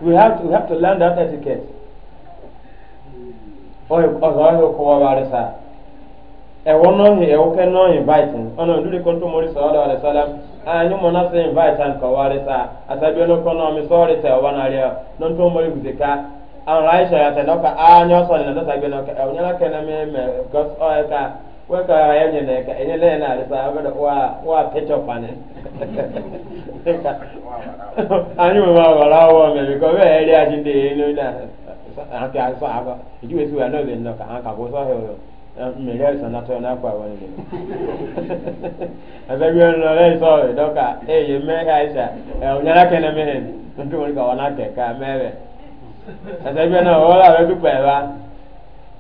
we have to we have to learn that etiquette. ọzọ kọwa bare sa ẹwọ nọhi ẹwọ kẹ nọhi vaitin ọnà ndúri kọntó mori sọọdọ alẹ sọlá anyi mọ náà sẹyìn vaitin kọwa rẹ sa àtàbí ẹnu kọ tẹ ọwọ náà rẹ nọntó mori gùdì ká àwọn ráyè sọ yàtẹ náà ká anyi ọsọ nínú ẹdọ sàgbẹ na ẹwọ nyẹlá kẹ náà mẹmẹ gọs ọyẹ ká wọ́n kọ́ ẹ anke aso aga iju esu ya no be no ka anka go so he o mmele so na to na kwa won ni azabi on no le so do ka e ye me ka isa e onyara ke na me he ka ona ke ka me be azabi na o la be ba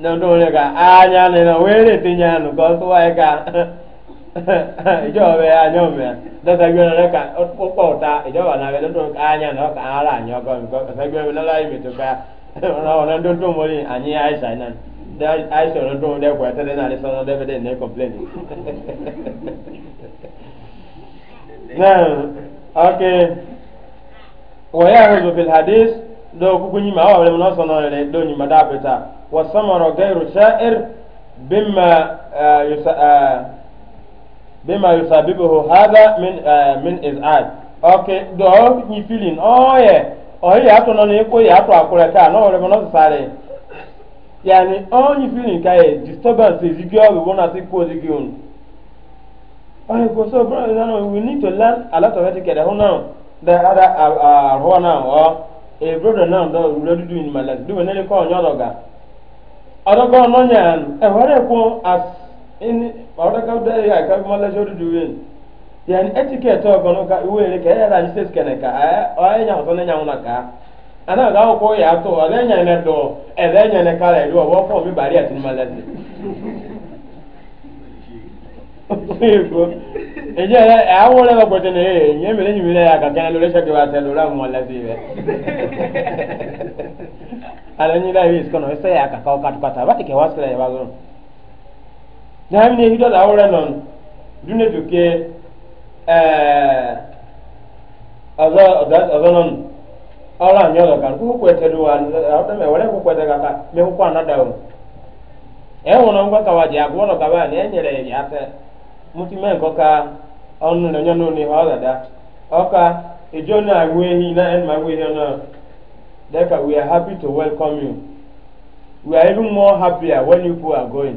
na ndu won ka anya ni na we ti nya nu go so ka ìjọba anyọ mẹ lọsàgbẹ ọlọrẹ ká ọpọ ọta ìjọba náà lọdún ká anya náà ká ara ànyọ gọmìnkọ ọsàgbẹ ọlọrẹ yìí mi tó ká ọ̀nà tó tó mọ́lé àní àìsàn náà àìsàn ọ̀nà tó mọ́lé ẹ̀kọ́ ẹ̀tẹ́lẹ́ náà lẹ́sàn náà dẹ́fẹ́dẹ́ ní kọ́mpléènì. then okay wọ́n yà rẹ̀ zòfin hadith dọ́ kúkú yìí mà áwọ̀ rẹ̀ náà sọ̀nà rẹ̀ dọ́ ní mọ̀dá àpẹta wọ́n sọ̀mọ̀rọ̀ gẹ́rù ṣáìr bímà yusabibu hada min izad okay dọ́ yìí feeling ọ̀ọ́yẹ̀. Oh, yeah. oyi ya na nɔnɔ ya tɔ akɔrɛ ta na yɛrɛ bɛ Ya sari onye fili ka ye disturbance ezigbo ɔbi bɔ na se ko ezigi o so we need to learn a lot of etiquette ho now the other ah now or a brother don ready in my life do we call nyoro ga ọdọgbọn nọnyan e, as in ọdọgbọn dẹ yà ká Yan etiquette ogono ka iwere ka ya raji ses kene ka a o nya so ne nya una ka ana ga ko ya to o le nya ne do e le nya ne ka le do wo ko mi bari atin malazi ego eje le a wo le ba ko tene e nye mi le nyi mi le ya ka kana lo le se ke wa te lo ra mo lazi be ala nyi la wis kono se ya ka ka ka ka ta ba ke wa se le ba zo na ne hido la wo re non dune duke ọzọ ọrụ anyị ọzọ ka ụwa ma ngwa eh, kawa ji abụọ nọ kaba na eh, nyere ya ate mutime nke ọka ọnụ na onye n'ụlọ ihe ọzada ọka ijo na agwụ ehi na enma agwụ ehi ọnụ we are happy to welcome you we are even more happier ah, when you are going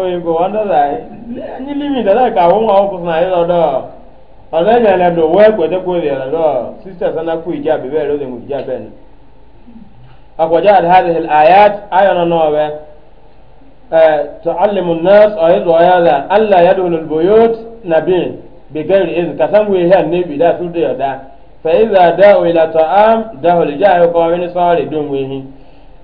oyinbo wanda zai anyi limi da zai kawo ma okus na yi lọdọ ọdọ ẹnyẹ lẹ do wọ ẹgbẹ tẹ kóri lọdọ sista sanna kú ìjà bẹbẹ rẹ ó lè mú ìjà bẹẹ ni. akwaja adhadi hil ayat ayọ̀nà náà bẹ ẹ tọ́calimu nurse ọ̀yẹ́ zọ̀ọ́yà la allah yadu lul boyot nabi bigari izin kasan wuyi hẹ nebi da su da yọ̀da fa iza da o ila ta'am da hul jahi kọ́ wani sọ́ọ̀rì dùn wuyi.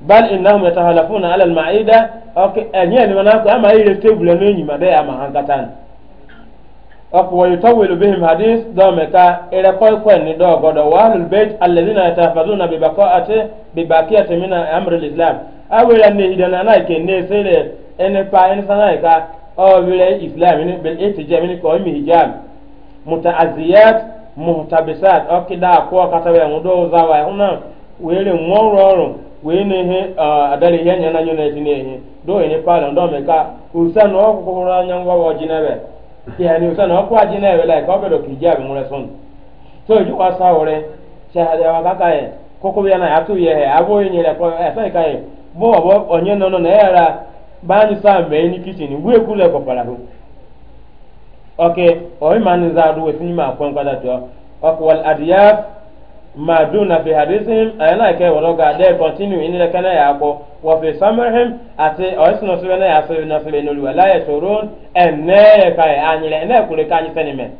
bal innahum yatahalafuna ala almaida ok enye ni manako ama ile table no nyima de ama hankatan ok wa yutawilu bihim hadith do meka ile koy koy ni do godo wa ahlul bait alladhina yatahafazuna bi baqaati bi baqiyati min amri alislam awela ni hidana na ke ne sele ene pa ene sana ka o bile islam ni bil ittijam ni ko mi hijab mutaaziyat muhtabisat ok da ko katawe ngudo zawa huna wele ngoro wee na ihe adara ihe anya na na esi na-ehi doo enye palọ ndo me ka usa na ọkwụkwọ hụrụ anya ngwa wa ji nebe ya ni na nebe ka ọ bịara ka iji abụ nwere sọn so ojú wa sa wọrẹ sahadẹ wa kaka na kókó bí yẹn náà yàtú ya hẹ abó yẹn yẹrẹ ya ẹsẹ yìí ká yẹ bó ọbọ ọnyẹ nọnọ na ya báyìí sáà mẹ́yìn ní kìsìn wú ekú na maduna fi hadisihim ayana ke wala ga de continue in le kana ya ko wa fi samarhim ati oisno sebe na ya sebe na sebe no wala ya turun enne ka anyi le enne kure ka anyi tanime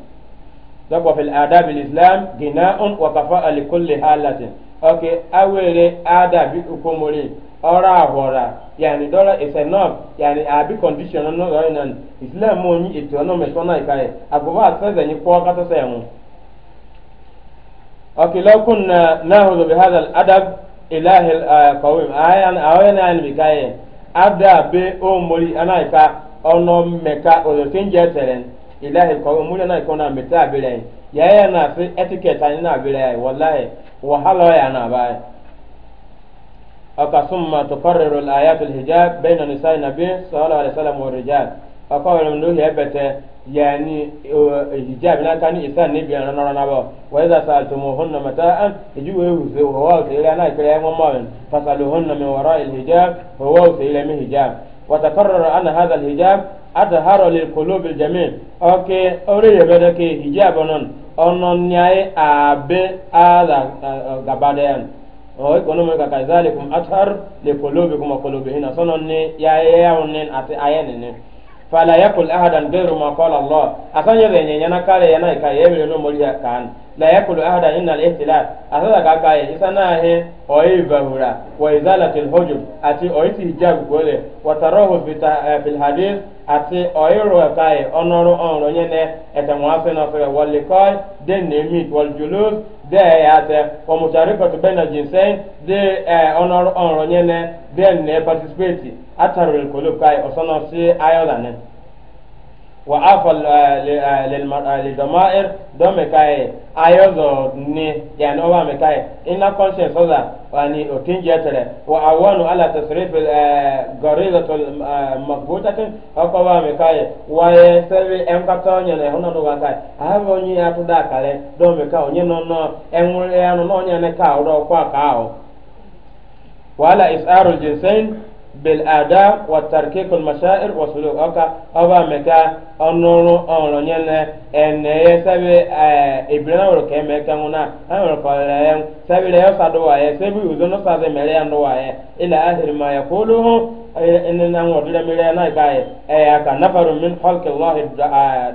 dabo fil adab al islam gina wa wakafa li kulli halatin okay awere ada bi ukomori ora ahora yani dola is enough yani abi condition no no islam mo ni eto no me sona ikai agoba atsa zanyi kwa kata sa yamu أوكي لو كنا نأخذ بهذا الأدب إله القويم آيان آيان آيان بكاية أبدا بأمري أنا إكا أنا مكا أولوتين جاتلين إله القويم مولي أنا إكونا متا بلاي يا أنا في أتيكيت أنا بلاي والله وحلا أنا باي أكا ثم تقرر الآيات الحجاب بين نساء النبي صلى الله عليه وسلم والرجال أقول من له يبته yani hijabi na kani isa ne biyan ranar rana ba wa idza sa'altumu hunna mata'an iju wa yuzu wa wa ila na kira yan mamman fasalu hunna min wara'i alhijab wa wa ila min hijab wa takarrara anna hadha alhijab adhara lil qulub aljami' okay ore yebe da ke hijab non onon nyae abe ala gabadan o ko no ka kazalikum athar li qulubikum wa qulubihina sonon ne ya ya onnen ati fala yakul ahadan ghayru ma qala Allah asanya be nyenya na kare yana ka yebele no mori kan la yakul ahadan inna al ihtilal asada ka ka isana he oyi bahura wa izalatil hujub ati oyi hijab gole wa tarahu fi eh, fil hadith ati oyi ro ka e onro nyene etamwa fe na fe wal liqai den ne mit wal julus de yate wa musharikatu baina jinsain de eh, onor onro nyene de ne participate atarul kulub kai osono si ayola ne wa afa lidamair don me kaye ayozo ne yani oba me kaye ina conscience oza wani otin jetere wa awanu ala tasrif garizat magbutatin haka ba me kaye wa ye sebi en kata onye na ehuna no kaye ahaba onye ya tu da kale don me ka onye no no enwure wala isarul jinsain بالآداب والتركيك المشاعر وسلوك أوكا أبا مكا أنورو أنورو نيلا أن يسبي إبرنا وركي مكا هنا أمر قولهم سبي لا يصدوا سبي يزنو سازي مليان دوا إلى آخر ما يقوله إننا نقول مليانا كاي أياك نفر من خلق الله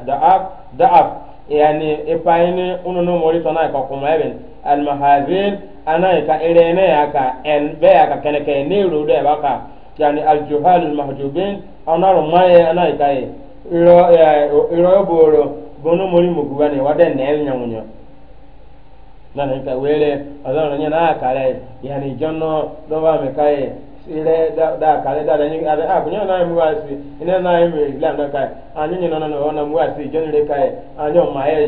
دعاف دعاف yani ipaini ununu mori tona ka kuma eben al mahazin ana ka irene ya ka en be ya ka kene ke ni ru de baka yani aljuhal almahjubin anaro maye anai kai iro iro boro bono mori mugubane wade nel nyamunyo wele na kale yani jonno do ba me kai ile da da kale da da ada na mu ina na mu islam da kai na na na mu wasi jonno le kai anyo maye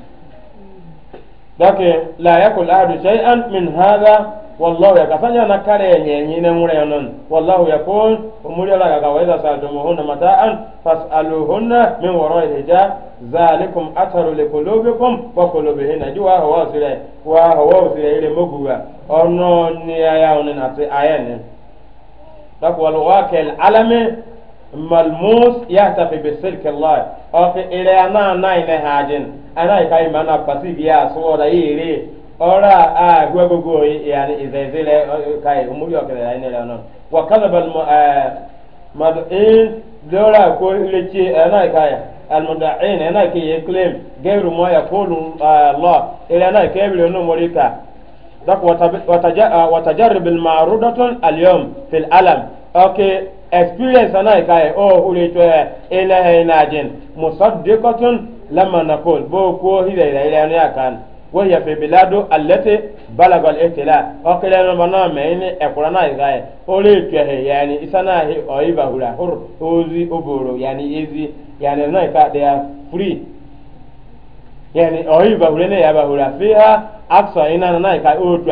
dake la yakul ahadu shay'an min hadha wallahu yakafanya na kare yenye nyine mure yonon wallahu yakun umuri la ga waiza sadumuhunna mata'an fas'aluhunna min wara'i hijab zalikum atharu liqulubikum wa qulubihinna juwa huwa sire wa huwa sire ile moguwa ono ni aya onen ati ayene dako wal waqil alame malmus yahtafi bisilki allah afi ile ana nine hajin ana ikai mana pasi biya so da yire ora a gwa gogo yani izezele kai umuri okere ya nele non wa kadaba e, madin dora ko leche ana ikai almuda'in ana e, ke ye claim gairu ma yaqulu e, Allah ila ana ke bi no morika dak watajarrib almarudatun alyawm fil alam okay experience ana ikaye o oh, hure to ila hayna e jin musaddiqatun lamma naqul bo ko hira ila ila ne akan wa ya fi biladu allati balaga al-ihtila o me ni e qurana ikaye o le to he yani isana he o iba hura hur ozi oboro yani ezi yani na ka free yani o iba ne ya ba hura fiha aksa ina na ka o to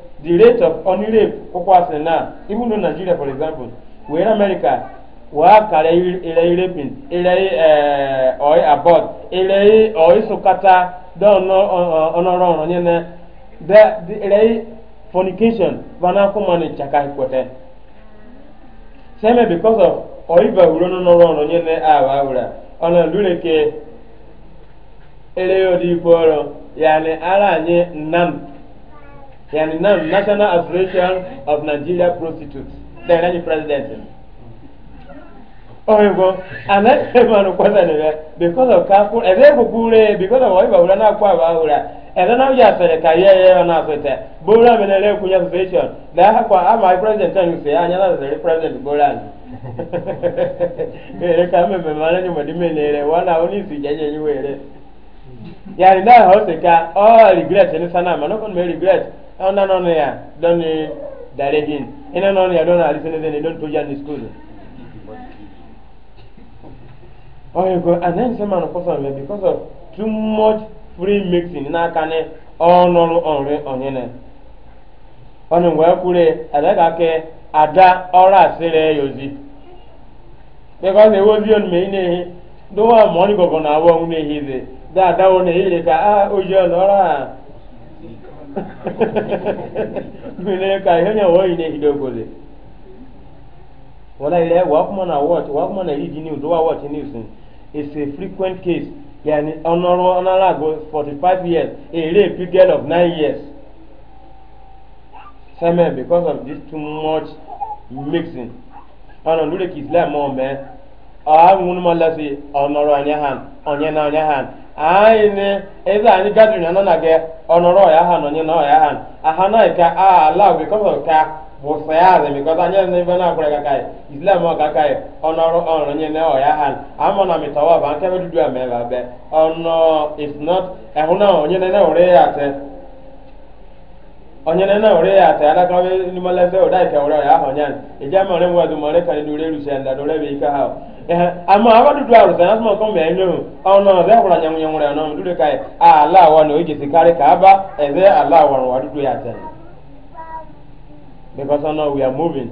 the rate of only rape even though nigeria for example america wàá kàrẹ ilẹ̀ irepin ilẹ̀ ọ̀ẹ́ abọ́t ilẹ̀ ọ̀ẹ́ don fornication of ọ̀ẹ́ bàwúrọ̀ ọ̀nọ́rọ̀ ọ̀rọ̀ yẹn nẹ àwà wúrà ọ̀nà lórí ke ara yani now national association of nigeria prostitutes dẹrẹ ni president ọyìnbó anẹsẹmánu kọsẹ níbẹ because of kakú ẹdẹ kúkú rẹ because of ọyìnbó wúlọ náà kó àbá wúlọ ẹdẹ náà yà sẹlẹ ká yẹ yẹ ọ náà sẹtẹ bóra mi lẹrẹ kúnyẹ association lẹyìn akọ àmà president ẹni sẹ ẹ anyala sẹlẹ president bóra ni èrè ká mẹmẹ mọ alẹ ní mọdé mẹlẹ rẹ wọn náà oníṣì jẹjẹ yíwẹ rẹ yàrá náà ọsẹ ká ọ regret ní sanáà mọ náà kọ́ni mẹ regret. ona oh, non ya don uh, darejin ina eh, non ya don alisene den don to jan school oh you go and then some man cause of because of too much free mixing na kane ọnụrụ ọnri onyene ọnụ mgbe kwure adaga ke ada ọrụ asịrị yozi because the obi onume ị na-ehi dụwa ma ọnụ gọgọ na abụọ nwụ na-ehi ize da adawo na-ehi ka a oji ọnụ ọrụ a meleka ihenya woi ne hidogole wala ile wakuma na watch wakuma na hidi news wa watch news is a frequent case yani onoro onara go 45 years a rape girl of 9 years same because of this too much mixing ana lure ki islam mo me a ngun ma lasi onoro anya han onye na anya han anyị ne eze anyị gadrin anọ na gị ọnọrọ ya ha nọnye na ọya ha aha na ka ala bikọsọ ka wụsịarị bikọsọ anyị na ebe na-akwụrụ ka islam ọ ka ọnọrọ ọnọnye na ọya ha ama na mitawa ba nke dudu a mere abe ọnọ is not na onye na ya onye na ewere ya ate alaka nimalese ụda ike were ọya onye a ije ama ọrịa ka ndị ure ya bụ ike ha ama abadu do arusa na suma kɔn bɛn nyɔnu ɔn nɔ zɛ wura nyɛmu nyɛmu dudu ka yi ala wa ni jesi kari ka ba ɛzɛ ala wa ni wa dudu ya tɛ because we are moving.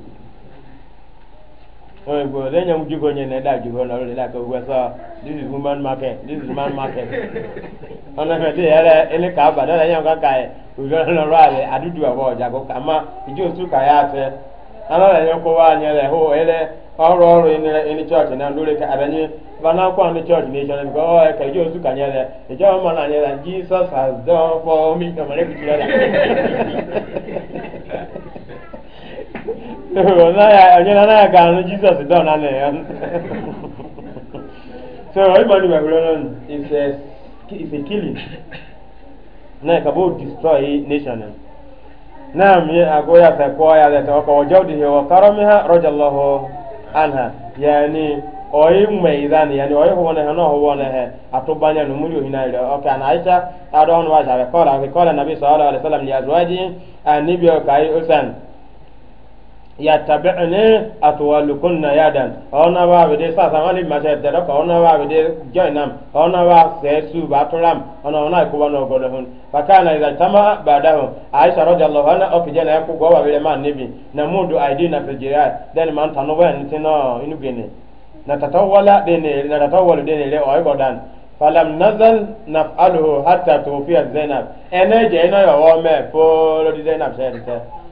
oye go de nyam jugo onye na le da ko go so this is woman market this is man market ona ka ba da nyam ka ụzọ u jo na ra le adudu abo ja go kama ka ya fe ana le ko wa nye le ho ọrụ ọrụ ịnị chọọchị na ndụ ka abanye ndị chọọchị na na ka otu ka So onye na anaghị aga anụ jizọs dọọ na ya so everybody were running is a is a killing na destroy nation naam ye ago ya ta ko ya ta ko jawdihi wa karamiha radiyallahu anha yani oyi mmeizani yani oyi hubone hano hubone he atubanya no muri ohina ile oke ana aisha adon wa jabe kola kola nabi sallallahu alaihi wasallam ni azwaji anibi o kai usan yattabi'ni atwalukunna yadan ona wa bide sa sa wani ma ta da ka ona wa bide joinam ona wa se su ba turam ona ona ko wa no godo hun fakana idza tama ba'dahu aisha radhiyallahu anha o kije na ku go wa bide man nabi na mudu aidina fil jirat dan man tanu wa ni tino inu gene na tatawala dene na tatawala dene le o go dan falam nazal naf'aluhu hatta tufiya zainab ene je ina yo wa me fo lo di zainab sai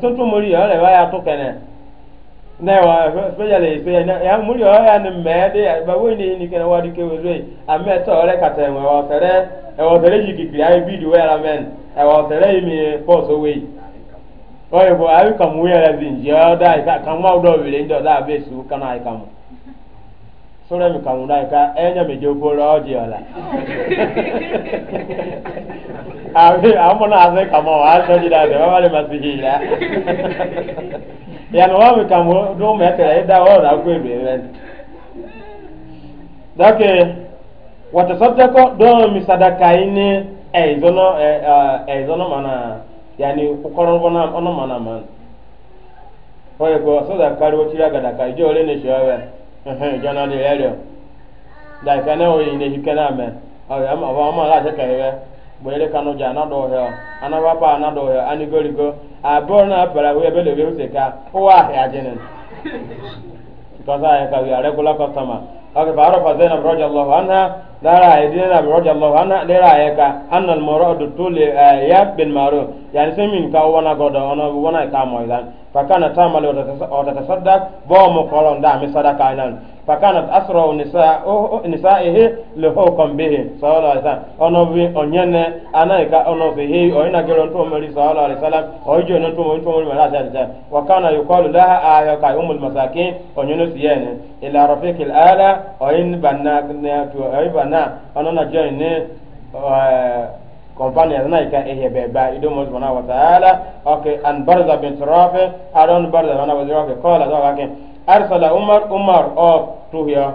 sotu muri yo le ya to kene ne wa especially se ya muri yo ya ni me de ba we ni ni kene wa di ke we a me to le ka te we wa sere e wa sere ji ki kiri ai bi di we la men e wa sere mi po so we o ye bo ai ka mu ya la zin je da ka ka ma do bi le ndo da be su kana ai ka mu sore mi kamu da ka enya mi jogo ro ji ola abi amu na ase kamo wa so ji da de wa le masihi la ya no wa mi kamu do me tere da wa ra ku ebe ben dake wata sadako do mi sadaka ini e izono e izono mana yani ukoro bona ono man oye ko so da kari wo tira gada ka ijo le ne showe jana de ɛrɛ da ka ne o yi ne hike na mɛ ɔyɛ ama ɔba ɔma la se ka yɛ bɔyɛlɛ kanu dza ana dɔw hɛ ana wa pa ana dɔw ani na bara wo ebe le be se ka o wa ka customer ɔkè fa arɔfa zɛn na rɔdza lɔ na rɔdza lɔ ana to le eh, ya bin maro ka fakana tamali watatasaddaq bomo koron da mi sadaka anan fakanat asra nisa nisaihi li hukam bihi sallallahu alaihi wasallam ono bi onyene anai ka ono se hi o ina gelo to mari sallallahu alaihi wasallam o jo no to mo to mari mala ta wa kana yuqalu laha ayo ka umul masakin ala o in banna to ay kompani yana ika ehe beba ido mo subhana wa ta'ala okay an barza bin sirafe aron barza wana wa zirafe qala da wake arsala umar umar of tuhya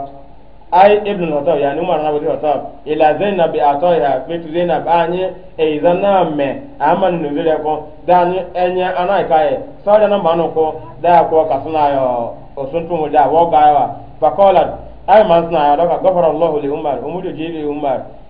ay ibn khattab yani umar na wazir khattab ila zainab bi ataiha mitu zainab anye e zanna me aman nuzire ko dan enye anai kai sada na manu ko da ko kasna yo osuntu mu da wo gaiwa faqala ay man sna ya daga gafara allah li umar umudu jibi umar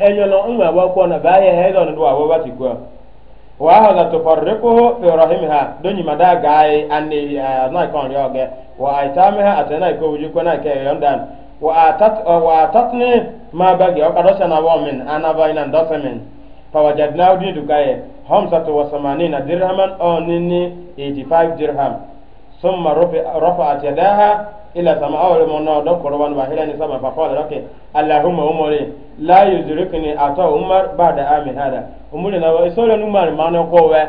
enyono nwa na ba ya hedo ndo wa ba tikwa wa hadha tufarriquhu fi rahimha donyi mada na kon wa aitamiha atana ko wuji kona ke yondan wa atat wa tatne ma ka o na wa min ana ba ina dosamin fa wajadna udi dukaye hamsatu wa samanina dirhaman o nini 85 dirham summa yadaha ila sama awol mo no do koro wan ba hila ni sama fa qala okay allahumma umri la yuzrikni ata umar ba'da ami hada umri na wa isole nu mar mano ko we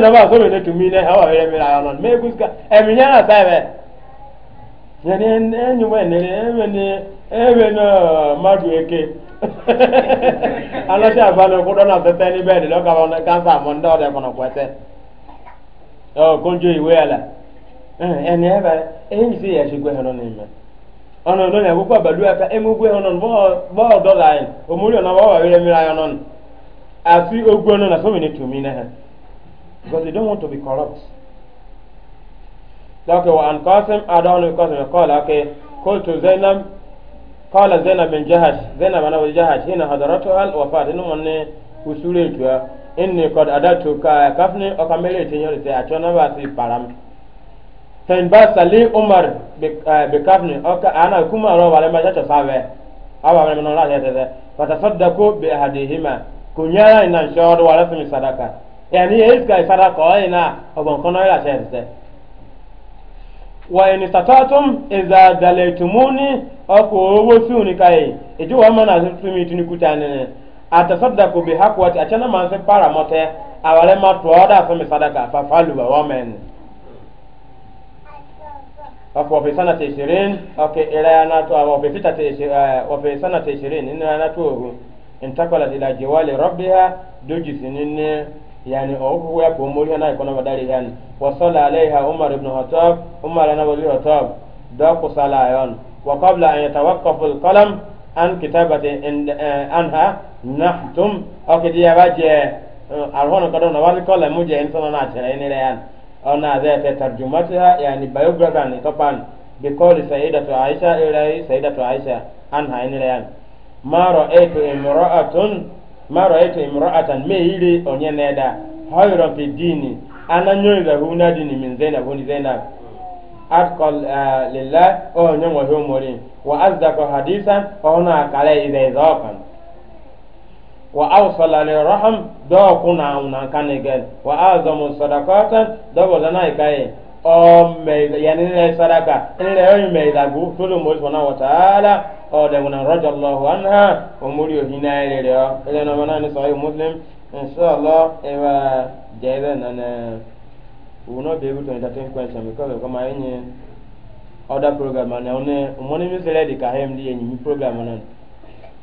na ba so ne tumi ne hawa hira mi ra non me guska e mi nyana sa be yani en ne me ne e be no eke ala sha ba ko do na tete ni be de lo ka ba kan sa de ko no o konjo iwe ala ẹni ẹ bá ẹyìn sí ẹsẹ gbé hàn ní mẹ ọ̀nà ọ̀dọ́ ni àgbékò àbàdú ẹ̀ka ẹmu gbé hàn nínú bọ́ọ̀ dọ́là yẹn òmùrí ọ̀nà wọ́ọ̀ wà wíwẹ́ mìíràn yọ̀nà àfi ogbó ọ̀nà náà sọ́mi ní tùmí náà because they don't want to be corrupt. lọ́kẹ̀ wà án kọ́sìm adáwọn ní kọ́sìm kọ́ọ̀lù ọ̀kẹ́ kóòtù zainab kọ́ọ̀lù zainab bin jahash zainab bin abu jahash hina hadaratu al wafat inú wọn ní usúrè tuwa inni kọ́d adatu ká kafni ọkàmẹ́lẹ̀ fɛn ba sali umar bi eh, kafni ɔka ana kuma rɔ wale ma jato sabe awa wale ma nɔla yɛtɛ dɛ pata sadda ko bi hadihima ko nyara ina shɔɔdo wale fɛn sadaka yani ye iska sadaka ɔ ina ɔbɔn kɔnɔ yɛrɛ sɛ sɛ wa in satatum iza dalaytumuni ɔko owo fiuni kai eji wa mana tumi tuni kutane atasaddaku bi hakwati wamen ako sana sanata ishirini ok ilayanatu ah, wafe fitata ah, wafe sanata ishirini inayanatu ogu intakalat ila jiwali rabbiha dojisinini yani ohuhu ya pomori na ikona badari yani wa sala alaiha umar ibn khattab umar ana wali khattab da ku sala yon wa qabla an yatawaqqafu al an kitabati eh, anha nahtum ok diya baje eh, arhono kadon wal qalam muje insana na tare ni yan ona zai tarjumatiha yani biographer ne kapan bi qawli sayyidatu aisha ilai sayyidatu aisha an hayin layan ma ra'aytu imra'atun ma ra'aytu imra'atan me yiri onye neda hayra fi dini ananyo da huna dini min zainab huni zainab atqal lillah o nyon wa humorin wa azdaka hadisan ona kala idha izafan wa awsala lil raham do kuna na kan wa azamu sadaka ne le me da gu to lo mo sona wa taala o de kuna rajallahu anha o muri o hina ile o ile na mana muslim inshallah e wa jere na na we be able to entertain question because of my any